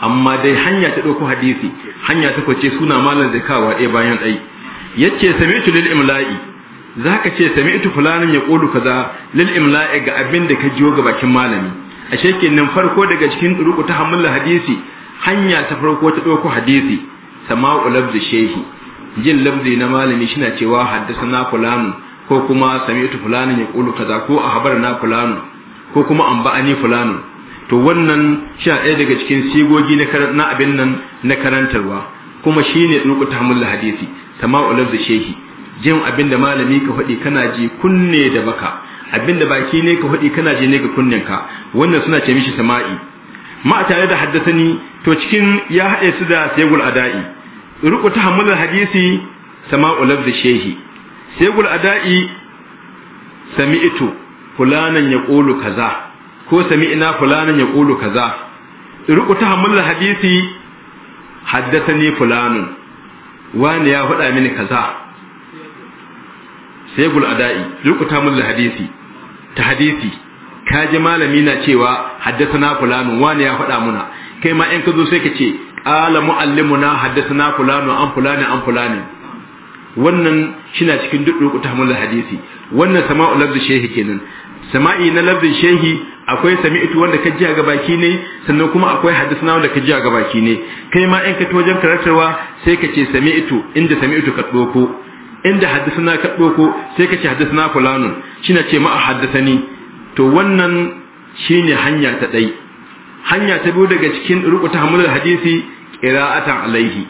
amma dai hanya ta ɗauko hadisi hanya ta kwace suna malam da kawa a bayan ɗai yace sami'tu lil imla'i zaka ce sami'tu fulanin ya kulu kaza lil imla'i ga abin da ka jiyo ga bakin malami ashe kenan farko daga cikin turuku ta hamul hadisi hanya ta farko ta ɗauko hadisi sama'u labzi shehi jin labzi na malami shina cewa haddasa fulanu ko kuma sami'tu fulanin ya kulu kaza ko a na fulanu ko kuma ba'ani fulanu to wannan shi ɗaya daga cikin sigogi na abin nan na karantarwa kuma shi ne ɗin kutamun hadisi tama'ular da shehi jin abin da malami ka faɗi kana ji kunne da baka abin da baki ne ka faɗi kana ji ne ga ka, wannan suna ce mishi sama'i ma tare da haddasani to cikin ya haɗe su da saygul ada'i ruku tahammul hadisi sama'u lafzi shehi saygul ada'i sami'tu fulanan yaqulu kaza ko sami'na fulanan yaqulu kaza ruku tahammul hadisi haddathani fulanun wani ya faɗa mini kaza sai gul adai ruku tahammul hadisi ta hadisi ka ji malami na cewa haddathana fulanun wani ya faɗa muna kai ma in ka zo sai ka ce qala muallimuna haddathana fulanun an fulani an fulani wannan shi na cikin duk ruku tahammul hadisi wannan sama'u lafzi shehi kenan sama'i na lafzin shehi akwai sami'tu wanda ka a gabaki ne sannan kuma akwai hadisna wanda ka a gabaki ne kai ma in ka ta wajen karatarwa sai ka ce sami'tu inda sami'tu ka doko inda hadisna ka doko sai ka ce hadisna fulanun shine ce ma haddathani to wannan shine hanya ta dai hanya ta biyu daga cikin rukuta hamdul hadisi qira'atan alaihi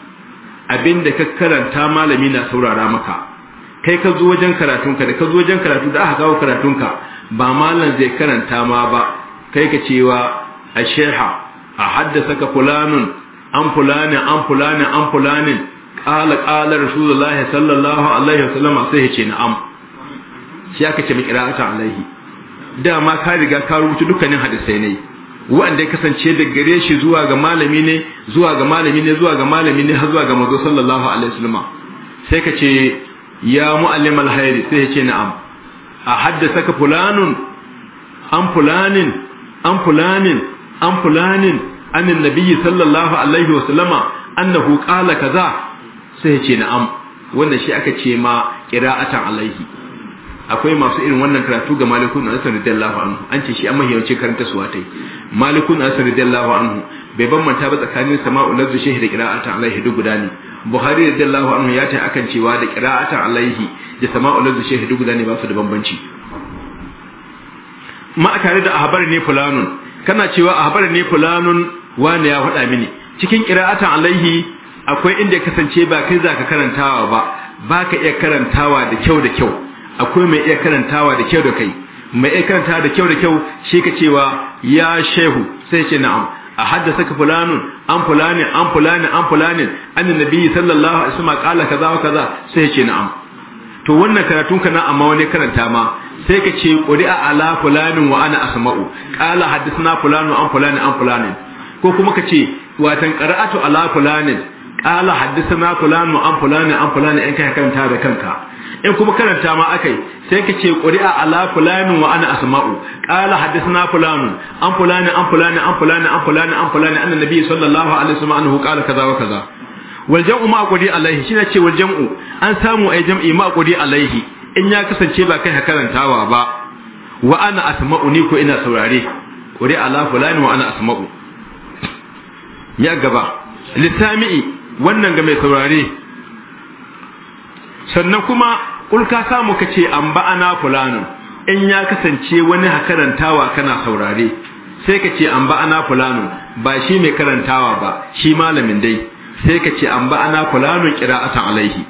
abinda ka karanta malami na saurara maka kai ka zo wajen karatunka da ka zo wajen karatu da aka kawo karatunka ba malam zai karanta ma ba kai ka cewa a sheha a haddasa ka fulanin an fulanin an fulanin an fulanin ƙala ƙala rasulullahi sallallahu alaihi a sai ya ce na'am shi aka ce ta alaihi dama ka riga ka rubuta dukkanin hadisai ne wanda ya kasance da gare shi zuwa ga malami ne zuwa ga malami ne zuwa ga malami ne har zuwa ga mazo sallallahu alaihi wasallama sai ka ce ya mu'allimal hayri sai ya ce na'am a haddasaka fulanun an fulanin an fulanin an fulanin anin nabiyyi sallallahu alaihi wasallama annahu qala kaza sai ya ce na'am wannan shi aka ce ma qira'atan alaihi akwai masu irin wannan karatu ga malikun da radiyallahu anhu an ce shi an mahiyawace karanta su watai. malikun da radiyallahu anhu bai bambanta ba tsakanin sama'u lafzu shehi da qira'atan alaihi duk guda ne buhari da radiyallahu anhu ya ta akan cewa da qira'atan alaihi da sama'ul ladhi shahidu duk zane ba su da bambanci ma a tare da ahbar ne fulanun kana cewa ahbar ne fulanun wani ya faɗa mini cikin qira'atan alaihi akwai inda ya kasance ba kai zaka karantawa ba baka iya karantawa da kyau da kyau akwai mai iya karantawa da kyau da kai mai iya karantawa da kyau da kyau shi ka cewa ya shehu sai ce na'am a haddasaka fulanun an fulani an fulani an fulani annin nabiyyi sallallahu alaihi wasallam kala kaza wa kaza sai ya ce na'am to wannan karatun kana amma wani karanta ma sai ka ce qur'a ala fulanin wa ana asma'u kala haddathana fulanu an fulani an fulani ko kuma ka ce watan qira'atu ala fulanin kala haddathana fulanu an fulani an fulani in kai karanta da kanka in kuma karanta ma akai sai ka ce quri'a ala fulani wa ana asma'u qala hadathna fulani an fulani an fulani an fulani an fulani an fulani anna nabiy sallallahu alaihi wasallam annahu qala kaza wa kaza wal jam'u ma qudi alaihi shine ce wal jam'u an samu ai jam'i ma qudi alaihi in ya kasance ba kai karantawa ba wa ana asma'u ni ko ina saurare quri ala fulani wa ana asma'u ya gaba lisami'i wannan ga mai saurare sannan kuma ulka samu kace an ba ana in ya kasance wani karantawa kana saurare sai kace an ba ana ba shi mai karantawa ba shi malamin dai sai kace an ba ana fulanun qira'atan alaihi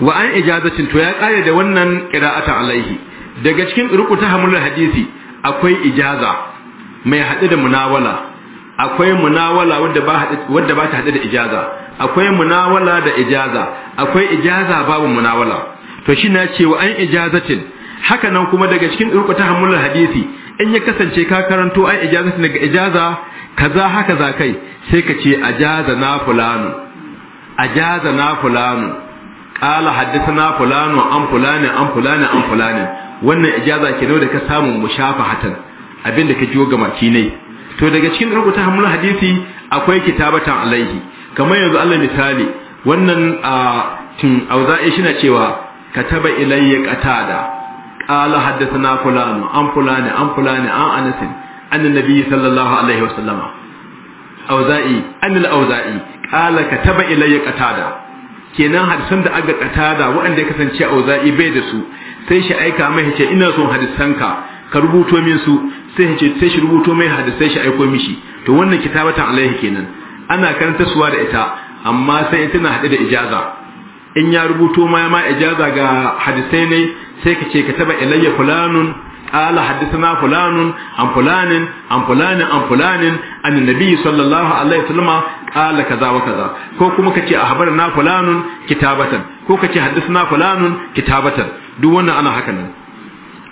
wa an ijazatin to ya kare da wannan qira'atan alaihi daga cikin rukuta hamul hadisi akwai ijaza mai hade da munawala akwai munawala wadda ba ta hade da ijaza akwai munawala da ijaza akwai ijaza babu munawala to shi na cewa an ijazatin haka nan kuma daga cikin irko ta hadisi in ya kasance ka karanto an ijazatin daga ijaza kaza haka za kai sai ka ce ajaza na fulanu ajaza na fulanu qala haddathana fulanu an fulani an fulani an fulani wannan ijaza ke da ka samu mushafahatan abinda ka jiwo ga maki to daga cikin ta hamlul hadisi akwai kitabatan alaihi kamar yanzu Allah misali wannan a tun auza'i shi na cewa kataba ilayya qatada qala haddathana fulan an fulani an fulani an anas an annabi sallallahu alaihi wasallam auza'i an al-auza'i qala kataba ilayya qatada kenan hadisan da aga qatada waɗanda ya kasance auza'i bai da su sai shi aika mai ce ina son hadisanka ka rubuto min su sai ce sai shi rubuto mai hadisai shi aiko mishi to wannan kitabatan alaihi kenan ana karanta suwa da ita amma sai tana haɗe da ijaza in ya rubuto ma ma ijaza ga hadisai ne sai ka ce ka taba ilayya fulanun قال حدثنا fulanun an fulanin an fulanin an fulanin an النبي sallallahu alaihi wasallam qala kaza wa kaza. ko kuma kace ahbarna fulanun kitabatan ko kace haddathna fulanun kitabatan duk wannan ana haka nan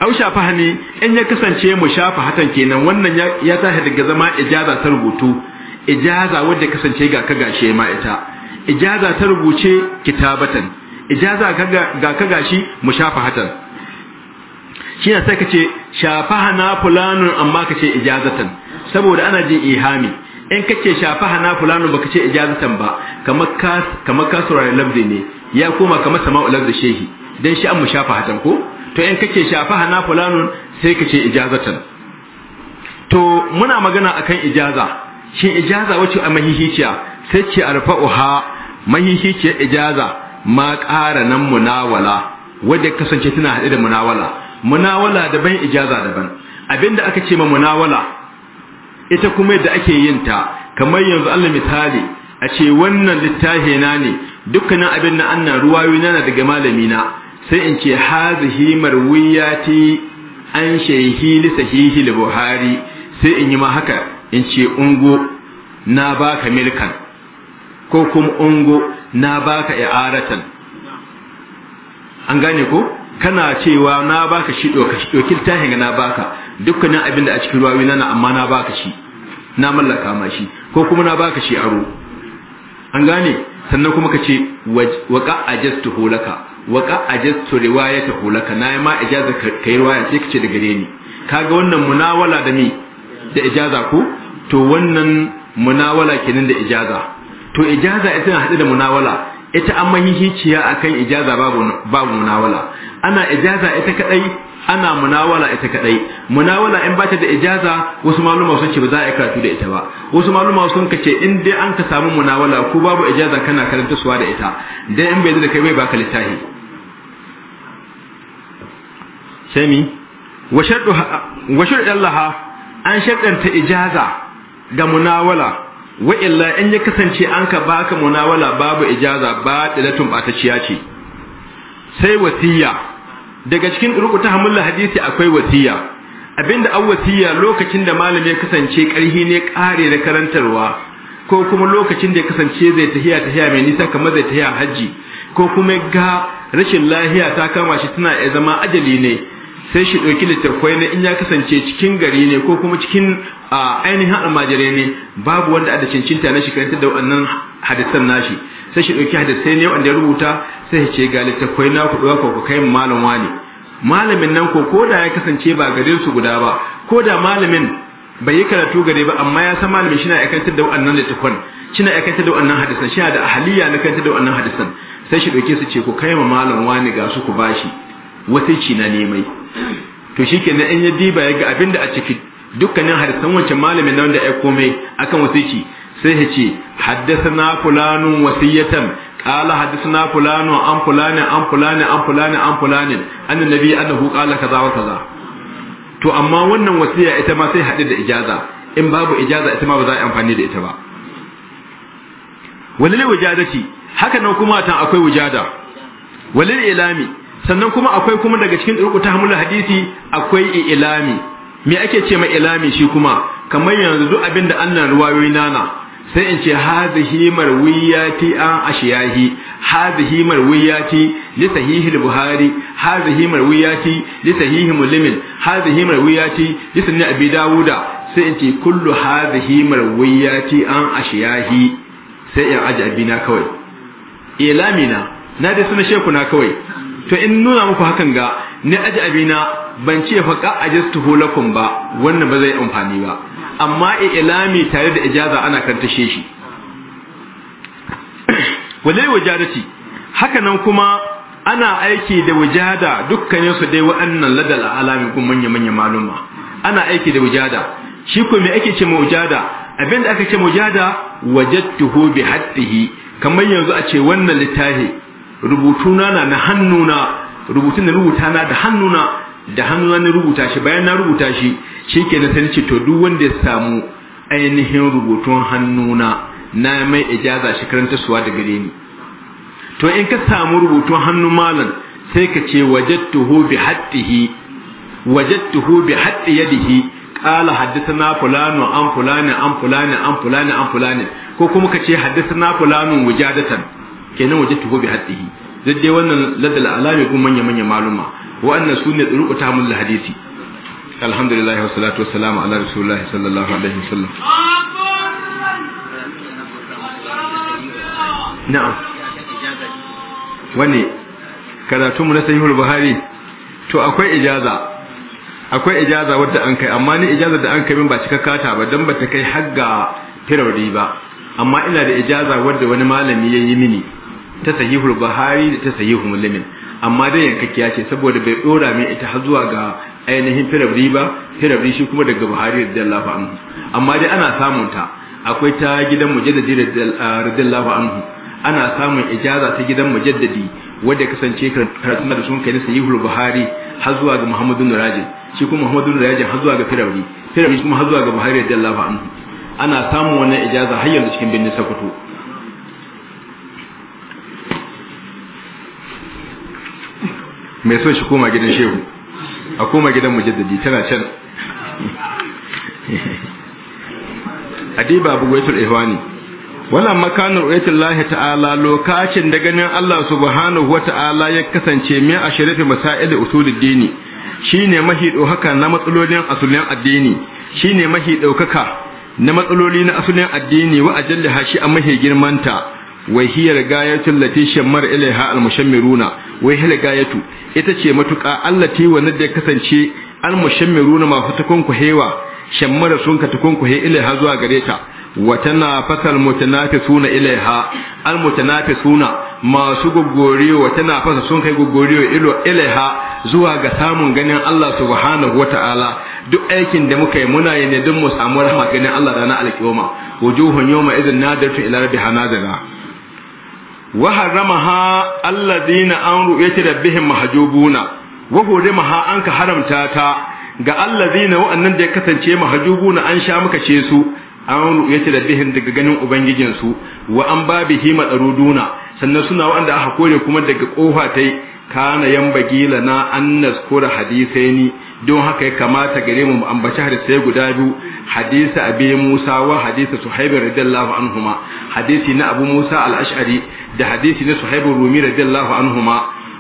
au sha hani in ya kasance mu shafa hatan kenan wannan ya tashi daga zama ijaza ta rubutu ijaza wadda kasance ga ka gashi ma ita ijaza ta rubuce kitabatan ijaza ga ka gashi mushafahatan shi ne sai ka ce shafaha na fulanun amma ka ce ijazatan saboda ana jin ihami in kace shafaha na fulanun baka ce ijazatan ba kamar ka kamar ka surar labdi ne ya koma kamar sama'u labdi shehi dan shi an mushafahatan ko to in kace shafaha na fulanun sai kace ijazatan to muna magana akan ijaza shin ijaza wace a mahihiciya sai ce arfa'uha mahihiciyar ijaza ma ƙara nan munawala wadda kasance tana haɗe da munawala munawala daban ijaza daban abinda aka ce ma munawala ita kuma yadda ake yin ta kamar yanzu Allah misali a ce wannan littafi na ne dukkanin abin na annan ruwayo na daga malami na sai in ce hazihi marwiyati an shehi li sahihi al-buhari sai in yi ma haka in ce ungo na baka milkan ko kuma ungo na baka i'aratan an gane ko kana cewa na baka shi doka shi dokin ga na baka dukkanin abin da a cikin ruwawi na amma na baka shi na mallaka ma shi ko kuma na baka shi aro an gane sannan kuma ka ce waka ajastu holaka waka ajastu riwayata holaka na yi ma ijaza kai riwaya sai ka ce da gare ni kaga wannan munawala da ni da ijaza ko to wannan munawala kenan da ijaza to ijaza ita na hadu da munawala ita an mahihiciya akan ijaza babu babu munawala ana ijaza ita kadai ana munawala ita kadai munawala in ta da ijaza wasu maluma sun ce ba za a karatu da ita ba wasu maluma sun ce in dai an ka samu munawala ko babu ijaza kana karanta suwa da ita dai in bai da kai bai baka littafi sami wa shartu wa shartu allaha an shaddanta ijaza da munawala wa illa in ya kasance an ka baka munawala babu ijaza ba dilatun bataciya ce sai wasiya daga cikin ruku ta hamulla hadisi akwai wasiya abinda an wasiya lokacin da malami ya kasance karhi ne kare da karantarwa ko kuma lokacin da ya kasance zai tahiya tahiya mai nisa kamar zai tahiya hajji ko kuma ga rashin lahiya ta kama shi tana ya zama ajali ne sai shi ɗauki littattafai na in ya kasance cikin gari ne ko kuma cikin ainihin almajirai ne babu wanda a da cincinta na shi karantar da wannan hadisan nashi sai shi ɗauki hadisai ne wanda ya rubuta sai ya ce ga littattafai na ku ɗauka ku kai malam wani malamin nan ko ko da ya kasance ba garin su guda ba ko da malamin bai yi karatu gare ba amma ya san malamin shi na aikantar da wannan littattafan shi na aikantar da wannan hadisan shi na da ahaliya na kantar da wannan hadisan sai shi ɗauki su ce ku kai ma malam wani ga su ku bashi wasilci na nemai to na in ya diba ya ga abinda a ciki dukkanin harsan wancan malamin nan da ya komai akan wasilci sai ya ce haddathana fulanun wasiyatan qala haddathana fulanun an fulani an fulani an fulani an fulanin annabi annahu qala kaza wa kaza to amma wannan wasiya ita ma sai hade da ijaza in babu ijaza ita ma ba za a amfani da ita ba walil wajadati haka nan kuma tan akwai wajada walil ilami sannan kuma akwai kuma daga cikin turku ta hamul hadisi akwai ilami me ake ce mai ilami shi kuma kamar yanzu duk abin da annan ruwayoyi nana sai in ce hadhihi marwiyati an ashiyahi hadhihi marwiyati li sahihi al-buhari hadhihi marwiyati li sahihi muslim hadhihi marwiyati li sunan abi dawuda sai in ce kullu hadhihi marwiyati an ashiyahi sai in ajabi na kawai ilami na na da sunan shekuna kawai to in nuna muku hakan ga ni aji abina ban ce fa ka ajistu lakum ba wannan ba zai amfani ba amma ilami tare da ijaza ana kan tashe shi walai wajadati haka nan kuma ana aiki da wajada dukkanin su dai waɗannan ladal alami kun manya manya maluma ana aiki da wajada shi ko me ake ce wajada abinda aka ce wajada wajadtuhu bi haddihi kamar yanzu a ce wannan littafi rubutuna na na hannuna rubutun da rubuta na da hannuna da hannuna na rubuta shi bayan na rubuta shi shi ke na sani to duk wanda ya samu ainihin rubutun hannuna na mai ijaza shi karanta suwa da gare ni to in ka samu rubutun hannu malam sai ka ce wajadtuhu bi haddihi wajadtuhu bi haddi yadihi qala haddathana fulanu an fulani an fulani an fulani an fulani ko kuma ka ce haddathana fulanu wujadatan kenan waje tuho bi haddihi dai wannan ladal alami kuma manya manya maluma wa'annan su ne tsuru ta mun hadisi alhamdulillah wa salatu wa salamu ala rasulullah sallallahu alaihi wasallam na'am wani karatu mu na sahihul buhari to akwai ijaza akwai ijaza wadda an kai amma ni ijaza da an kai min ba kata, ba dan ba ta kai hagga firawri ba amma ina da ijaza wadda wani malami ya yi mini ta sahihul buhari da ta sahihul muslim amma dai yankakkiya ce saboda bai dora mai ita har zuwa ga ainihin firabri ba firabri shi kuma daga buhari radiyallahu anhu amma dai ana samun ta akwai ta gidan mujaddadi radiyallahu anhu ana samun ijaza ta gidan mujaddadi wanda kasance karatun da sun kai na sahihul buhari har zuwa ga muhammadun rajin shi kuma muhammadun rajin har zuwa ga firabri firabri kuma har zuwa ga buhari radiyallahu anhu ana samun wannan ijaza har yanzu cikin binne sakuto mai son shi koma gidan shehu a koma gidan mujaddadi tana can adiba abu waitul ihwani wannan makanin ruwaitun lahi ta'ala lokacin da ganin Allah subhanahu wa ta'ala ya kasance min a sharifi masa'il usulul dini shine mahi dauka na matsalolin asulin addini shine mahi daukaka na matsaloli na asulin addini wa ajalla hashi a mahi girmanta wa hiya gayatul lati shammar ilaiha al mushammiruna wai hilgayatu ita ce matuƙa allati wannan da kasance al mushammiruna masu takunku hewa shammara sun ka takunku he ha zuwa gare ta wa tana fasal mutanafisuna ilaiha al mutanafisuna masu goggoriyo wa tana fasa sun kai goggoriyo ilo ilaiha zuwa ga samun ganin Allah subhanahu wataala duk aikin da muka yi muna yi ne don mu samu rahama ganin Allah na alkiyama wujuhun yawma idhin nadartu ila rabbi nadara wa haramaha alladina an ru'yati rabbihim mahjubuna wa hurimaha an ka haramta ta ga alladina wa'annan da ya kasance mahjubuna an sha muka ce su an da rabbihim daga ganin ubangijin su wa an babihi madaruduna sannan suna waɗanda aka kore kuma daga kofa tai kana yambagi lana an nazkura hadisaini don haka ya kamata gare mu ambaci sai guda biyu hadisi abi Musa wa hadisi Suhaib radhiyallahu anhuma hadisi na Abu Musa al-Ash'ari da hadisi na Suhaib Rumi radhiyallahu anhuma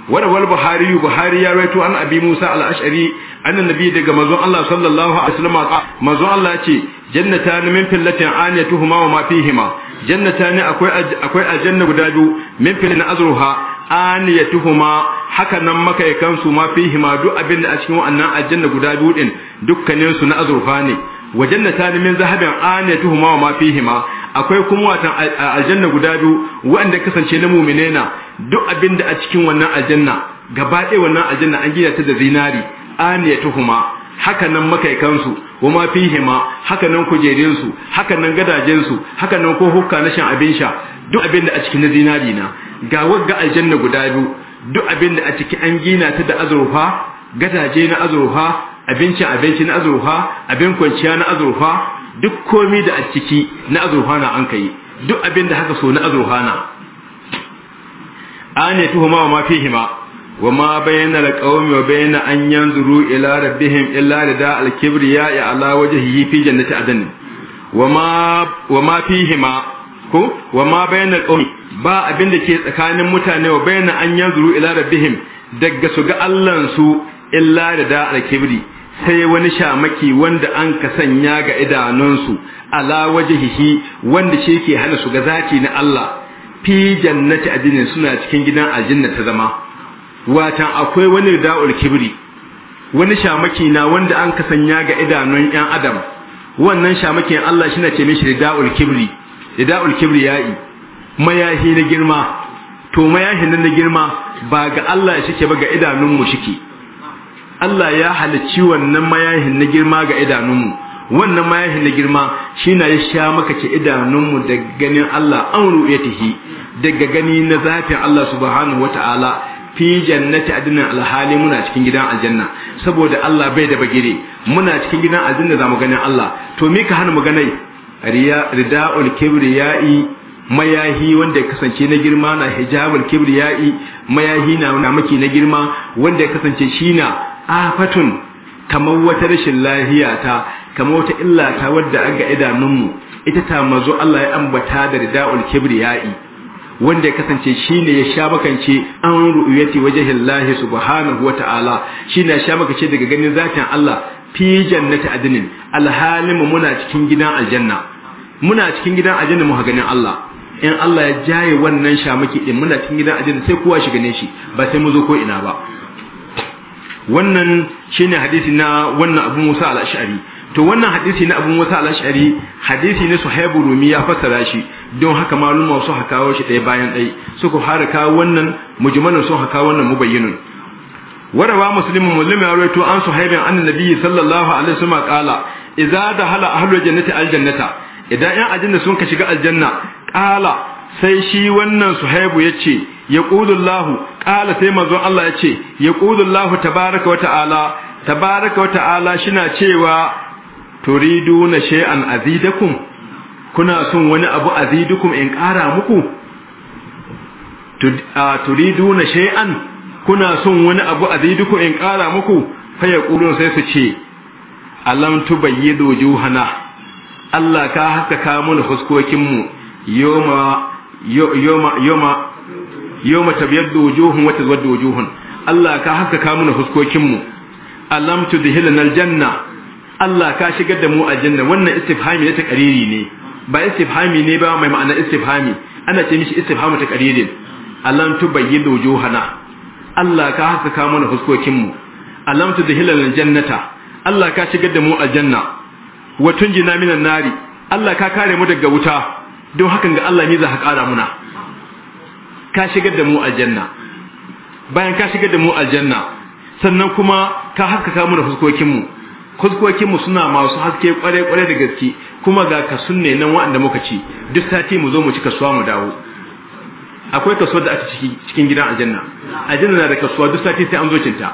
wanda wal Buhari Buhari ya rawaito an abi Musa al-Ash'ari annan nabi daga manzon Allah sallallahu alaihi wasallam manzon Allah ce jannatan min fillatin aniyatuhuma wa ma fihima ne akwai akwai aljanna guda biyu min fillin azruha aniyatuhuma haka nan makaikan su ma fihi ma duk abin a cikin wannan aljanna guda biyu din dukkanin su na azurfa ne wa jannata min zahabin aniyatuhuma wa ma fihi ma akwai kuma watan aljanna guda biyu wanda kasance na mu'mine na duk abin a cikin wannan aljanna gaba ɗaya wannan aljanna an gina da zinari aniyatuhuma hakanan makaikansu wa ma hima hakanan kujerinsu hakanan gadajensu hakanan ko hukka na shan abin sha duk abin da a cikin na zinari na ga wagga aljanna guda biyu duk abin da a ciki an gina ta da azurfa gadaje na azurfa abincin abinci na azurfa abin kwanciya na azurfa duk komai da a ciki na azurfa na an kai duk abin da haka so na azurfa na ane tuhuma wa ma hima. wa ma bayyana alqawmi wa bayyana an yanzuru ila rabbihim illa rida alkibriya ala wajhihi fi jannati adan wa ma wa ma fihima ko wa ma bayyana alqawmi ba abin da ke tsakanin mutane wa bayyana an yanzuru ila rabbihim daga su ga allansu illa da da'ar kibri sai wani shamaki wanda an ka sanya ga idanunsu ala waje hihi wanda shi ke hana su ga zaki na Allah fi jannati adinin suna cikin gidan aljanna ta zama watan akwai wani da'ul kibri wani shamaki na wanda an ka sanya ga idanun yan adam wannan shamakin Allah shi na ce mishi da'ul kibri da'ul kibri yayi mayahi na girma to mayahi na girma ba ga Allah shike ba ga idanun mu shike Allah ya halicci wannan mayahi na girma ga idanunmu wannan mayahi na girma shi na ya sha maka ce idanunmu da ganin Allah an ru'yatihi daga gani na zafin Allah subhanahu wata'ala fi jannati adnan alhali muna cikin gidan aljanna saboda Allah bai da bagire muna cikin gidan aljanna zamu ganin Allah to me ka hana mu ganai riya ridaul kibriyai mayahi wanda ya kasance na girma na hijabul kibriyai mayahi na na maki na girma wanda ya kasance shi na afatun kamar wata rashin lahiya ta kamar wata illa ta wadda aga idanunmu ita ta mazo Allah ya ambata da ridaul kibriyai wanda ya kasance shi ne ya sha makance an ru'uyati wajhil lahi subhanahu wata'ala shi ne ya sha makance daga ganin zatin Allah fi jannati adnin alhalim muna cikin gidan aljanna muna cikin gidan aljanna mu ganin Allah in Allah ya jaye wannan shamaki din muna cikin gidan aljanna sai kowa shi gane shi ba sai mu zo ko ina ba wannan shine hadisi na wannan Abu Musa al-Ash'ari to wannan hadisi na abun wasa al-ash'ari hadisi ne suhaibu rumi ya fassara shi don haka maluma su haka kawo shi ɗaya bayan ɗaya suka fara kawo wannan mujmalan su haka wannan mubayyinun warawa muslimu muslimu ya rawaito an suhaibin annabi sallallahu alaihi wasallam qala idza dahala ahlul jannati aljannata idan yan aljanna sun ka shiga aljanna qala sai shi wannan suhaibu yace yaqulullahu qala sai manzon Allah ya yace yaqulullahu tabaaraka wa ta'ala tabaraka wa ta'ala shina cewa turiduna shay'an azidakum kuna son wani abu azidukum in ƙara muku turiduna shay'an kuna son wani abu azidukum in ƙara muku fa yaqulun sai su ce alam tubayyidu juhana Allah ka haskaka mun huskokin mu yoma yoma yoma yoma tabyaddu wujuhun wa tazwaddu wujuhun Allah ka haskaka mun huskokin mu alam tudhilna janna. Allah ka shigar da mu aljanna wannan istifhami ne ta kariri ne ba istifhami ne ba mai ma'ana istifhami ana ce mishi istifhamu ta karirin alam tubayyin wujuhana Allah ka haskaka mana fuskokin mu da tudhilal jannata Allah ka shigar da mu aljanna wa tunjina minan nari Allah ka kare mu daga wuta don hakan ga Allah ne za ka kara muna ka shigar da mu aljanna bayan ka shigar da mu aljanna sannan kuma ka ka mana fuskokin mu Kuskokinmu suna masu haske kware-kware da gaske kuma ga kasun ne nan wa'anda muka ci duk sati mu zo mu ci kasuwa mu dawo akwai kasuwa da aka ciki cikin gidan aljanna aljanna na da kasuwa duk sati sai an zo cinta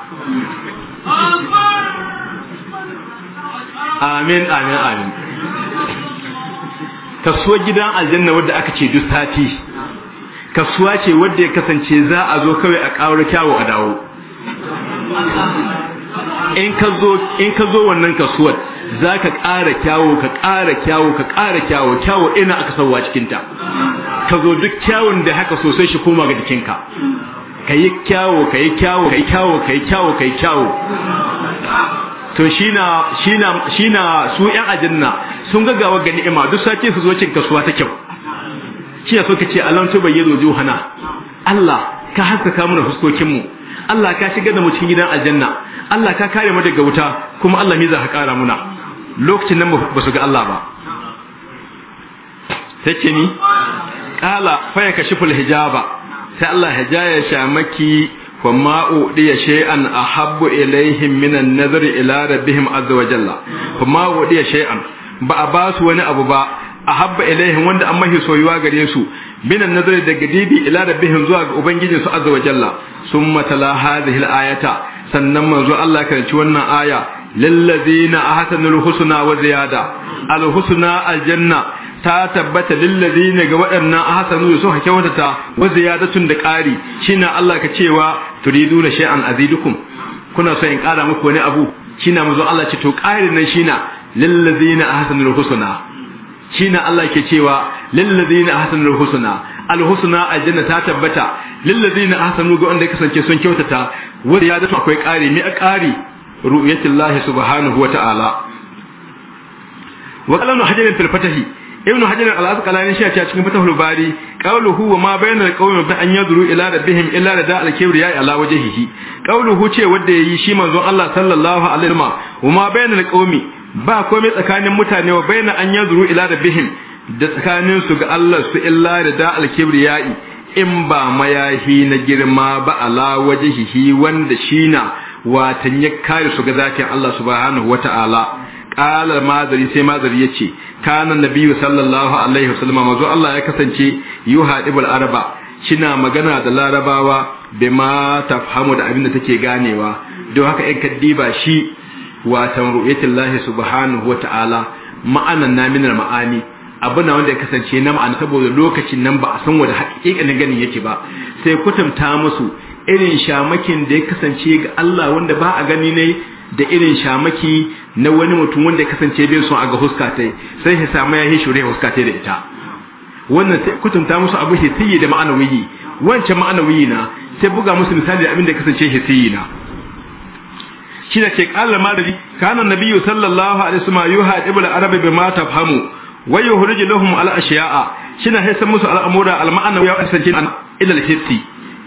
amin amin amin kasuwa gidan aljanna wadda aka ce duk sati kasuwa ce wadda ya kasance za a zo kawai a ƙawar kyawu a dawo in ka zo in ka zo wannan kasuwar za ka ƙara kyawo ka ƙara kyawo ka ƙara kyawo kyawo ina aka sauwa cikinta ka zo duk kyawun da haka sosai shi koma ga jikinka ka yi kyawo ka yi kyawo ka yi kyawo ka yi kyawo ka kyawo to shina shina shina su yan ajinna sun ga gawa ga ni'ima duk sake su zo cikin kasuwa ta kyau shi ya so ka ce alam tubayyinu juhana Allah ka haskaka mana fuskokin mu Allah ka shigar da mu cikin gidan aljanna Allah ka kare mu daga wuta kuma Allah mai za ka kara muna lokacin nan ba su ga Allah ba ce ni qala fa yakashiful hijaba sai Allah hijaya shamaki wa ma'u diya shay'an ahabbu ilaihim minan nazar ila rabbihim azza wa jalla fa ma'u diya shay'an ba a ba su wani abu ba ahabba ilaihim wanda an mahi soyuwa gare su minan nazari daga dibi ila rabbihim zuwa ga ubangijin su azza wa jalla summa tala hadhihi ayata sannan manzo Allah ci wannan aya lillazina ahsanul husna wa ziyada al husna al janna ta tabbata lillazina ga waɗannan ahsanu su hake wadata wa ziyadatun da ƙari shine Allah ka cewa turiduna shay'an azidukum kuna so in ƙara muku wani abu shine manzo Allah ce to ƙarin nan shine lillazina ahsanul husna shine Allah ke cewa lillazina ahsanul husna Al-Husna alhusna aljanna ta tabbata ladina ahsanu ga wanda kasance sun kyautata wanda ya zato akwai ƙari mi a ƙari ru'yatullahi subhanahu wata'ala wa qala nu fil fatahi ibnu hajar al-asqalani shi a cikin fatahul bari qawluhu wa ma bayna al-qawmi bi an yadru ila rabbihim illa rada al-kibriya ala wajhihi qawluhu ce wanda yayi shi manzon Allah sallallahu alaihi wa ma bayna al-qawmi ba komai tsakanin mutane wa bayna an yanzuru ila rabbihim da tsakanin su ga Allah su illa da da alkibriyai in ba mayahi na girma ba ala wajhihi wanda shina watan ya kare su ga zakin Allah subhanahu wata'ala qala mazari sai mazari yace kana nabiyyu sallallahu alaihi wasallam mazo Allah ya kasance yuhadibul araba kina magana da larabawa bima tafhamu da abin da take ganewa don haka in kaddiba shi watan ru'yatul lahi subhanahu wata'ala ma'anan na minar ma'ani abu na wanda ya kasance na ma'ana saboda lokacin nan ba a san wanda hakikanin ganin yake ba sai kutumta musu irin shamakin da ya kasance ga Allah wanda ba a gani ne da irin shamaki na wani mutum wanda ya kasance bai son a ga huska tai sai ya samu ya hishu rai huska ta da ita wannan sai kutumta musu abu hisiyi da ma'anawiyi wancan ma'anawiyi na sai buga musu misali da abin da ya kasance hisiyi na shi da ke kala madari kana nabiyyu sallallahu alaihi wasallam yuha ibul arabi ma tafhamu wa yukhrij lahum al ashiya'a na hisa musu al amura al ma'ana ya kasance an ila al hissi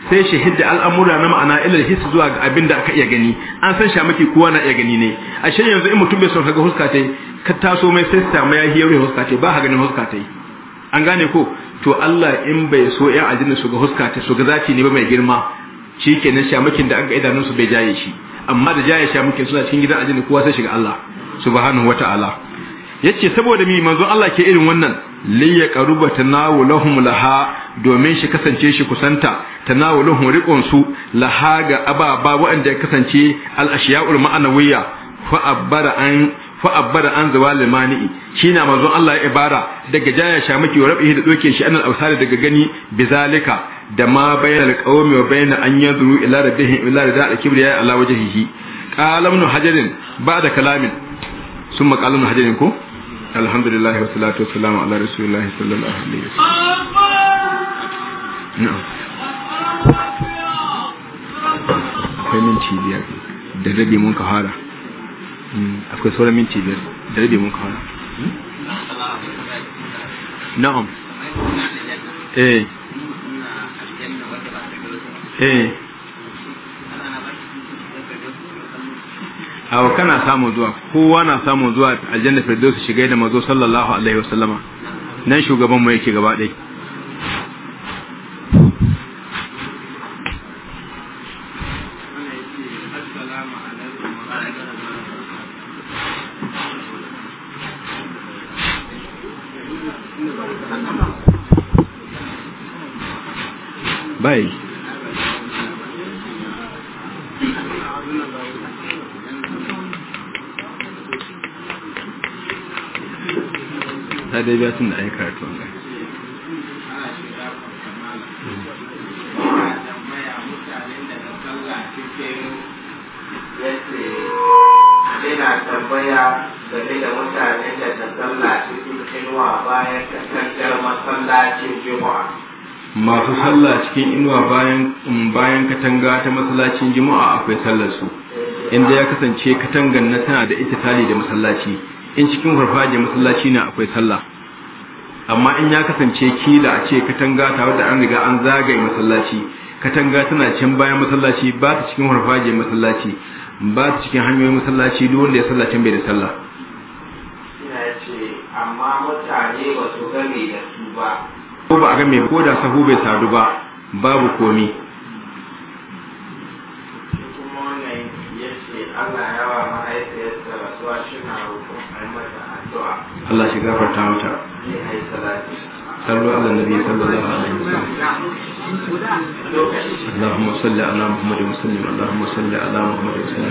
sai shi hidda al amura na ma'ana ila al hissi zuwa ga abinda aka iya gani an san sha maki kowa na iya gani ne ashe yanzu in mutum bai son kaga huska tai ka taso mai sista mai mai yayi huska tai ba ha ganin huska tai an gane ko to Allah in bai so ya ajinna su ga huska tai su ga zaki ne ba mai girma shikenan shamakin da aka idanun su bai jaye shi amma da jaya sha muke suna cikin gidan aljanna kowa sai shiga Allah subhanahu wata'ala yace saboda mi manzo Allah ke irin wannan liya qaruba lahum laha domin shi kasance shi kusanta lahum riqon su laha ga ababa wanda ya kasance al ashiyaul ma'anawiyya fa abbara an fa abbara an zawal mani'i shine manzo Allah ya ibara daga jaya sha muke rabihi da doke shi annal ausari daga gani bizalika da ma bainal qawmi wa bain an yadru ila rabbihim ila da al-kibriya ala wajhihi qala ibn hajarin da kalamin thumma qala ibn hajarin ko alhamdulillah wa salatu wa salam ala rasulillah sallallahu alaihi wasallam na'am akwai minti biyar da rabe mun ka hmm, akwai sauran minti biyar da rabe mun ka hmm? na'am eh eh awa kana samu zuwa kowa na samu zuwa aljanna firdaus shiga da mazo sallallahu alaihi wasallama nan shugaban mu yake gaba ɗaya duba tun da ayi karatu an yana tambaya game da mutanen da ta sallaci cikin inuwa bayan katangar masallacin juma'a masu sallah cikin inuwa um, bayan katanga ta masallacin juma'a akwai sallar inda ya kasance katangar na tana da ita tali da masallaci in cikin farfajiyar masallaci ne akwai sallah amma in ya kasance kila a ce katanga ta wadda an riga an zagaye masallaci katanga tana can bayan masallaci ba ta cikin harfajiyar masallaci ba ta cikin hanyoyin masallaci duk wanda ya can bai da sallah amma mutane ba su game da su ba ko ba a game ko da sahu bai sadu ba babu komi Allah ya mata addu'a Allah shi gafarta mata صلوا على النبي صلى الله عليه وسلم اللهم صل على محمد وسلم اللهم صل على محمد وسلم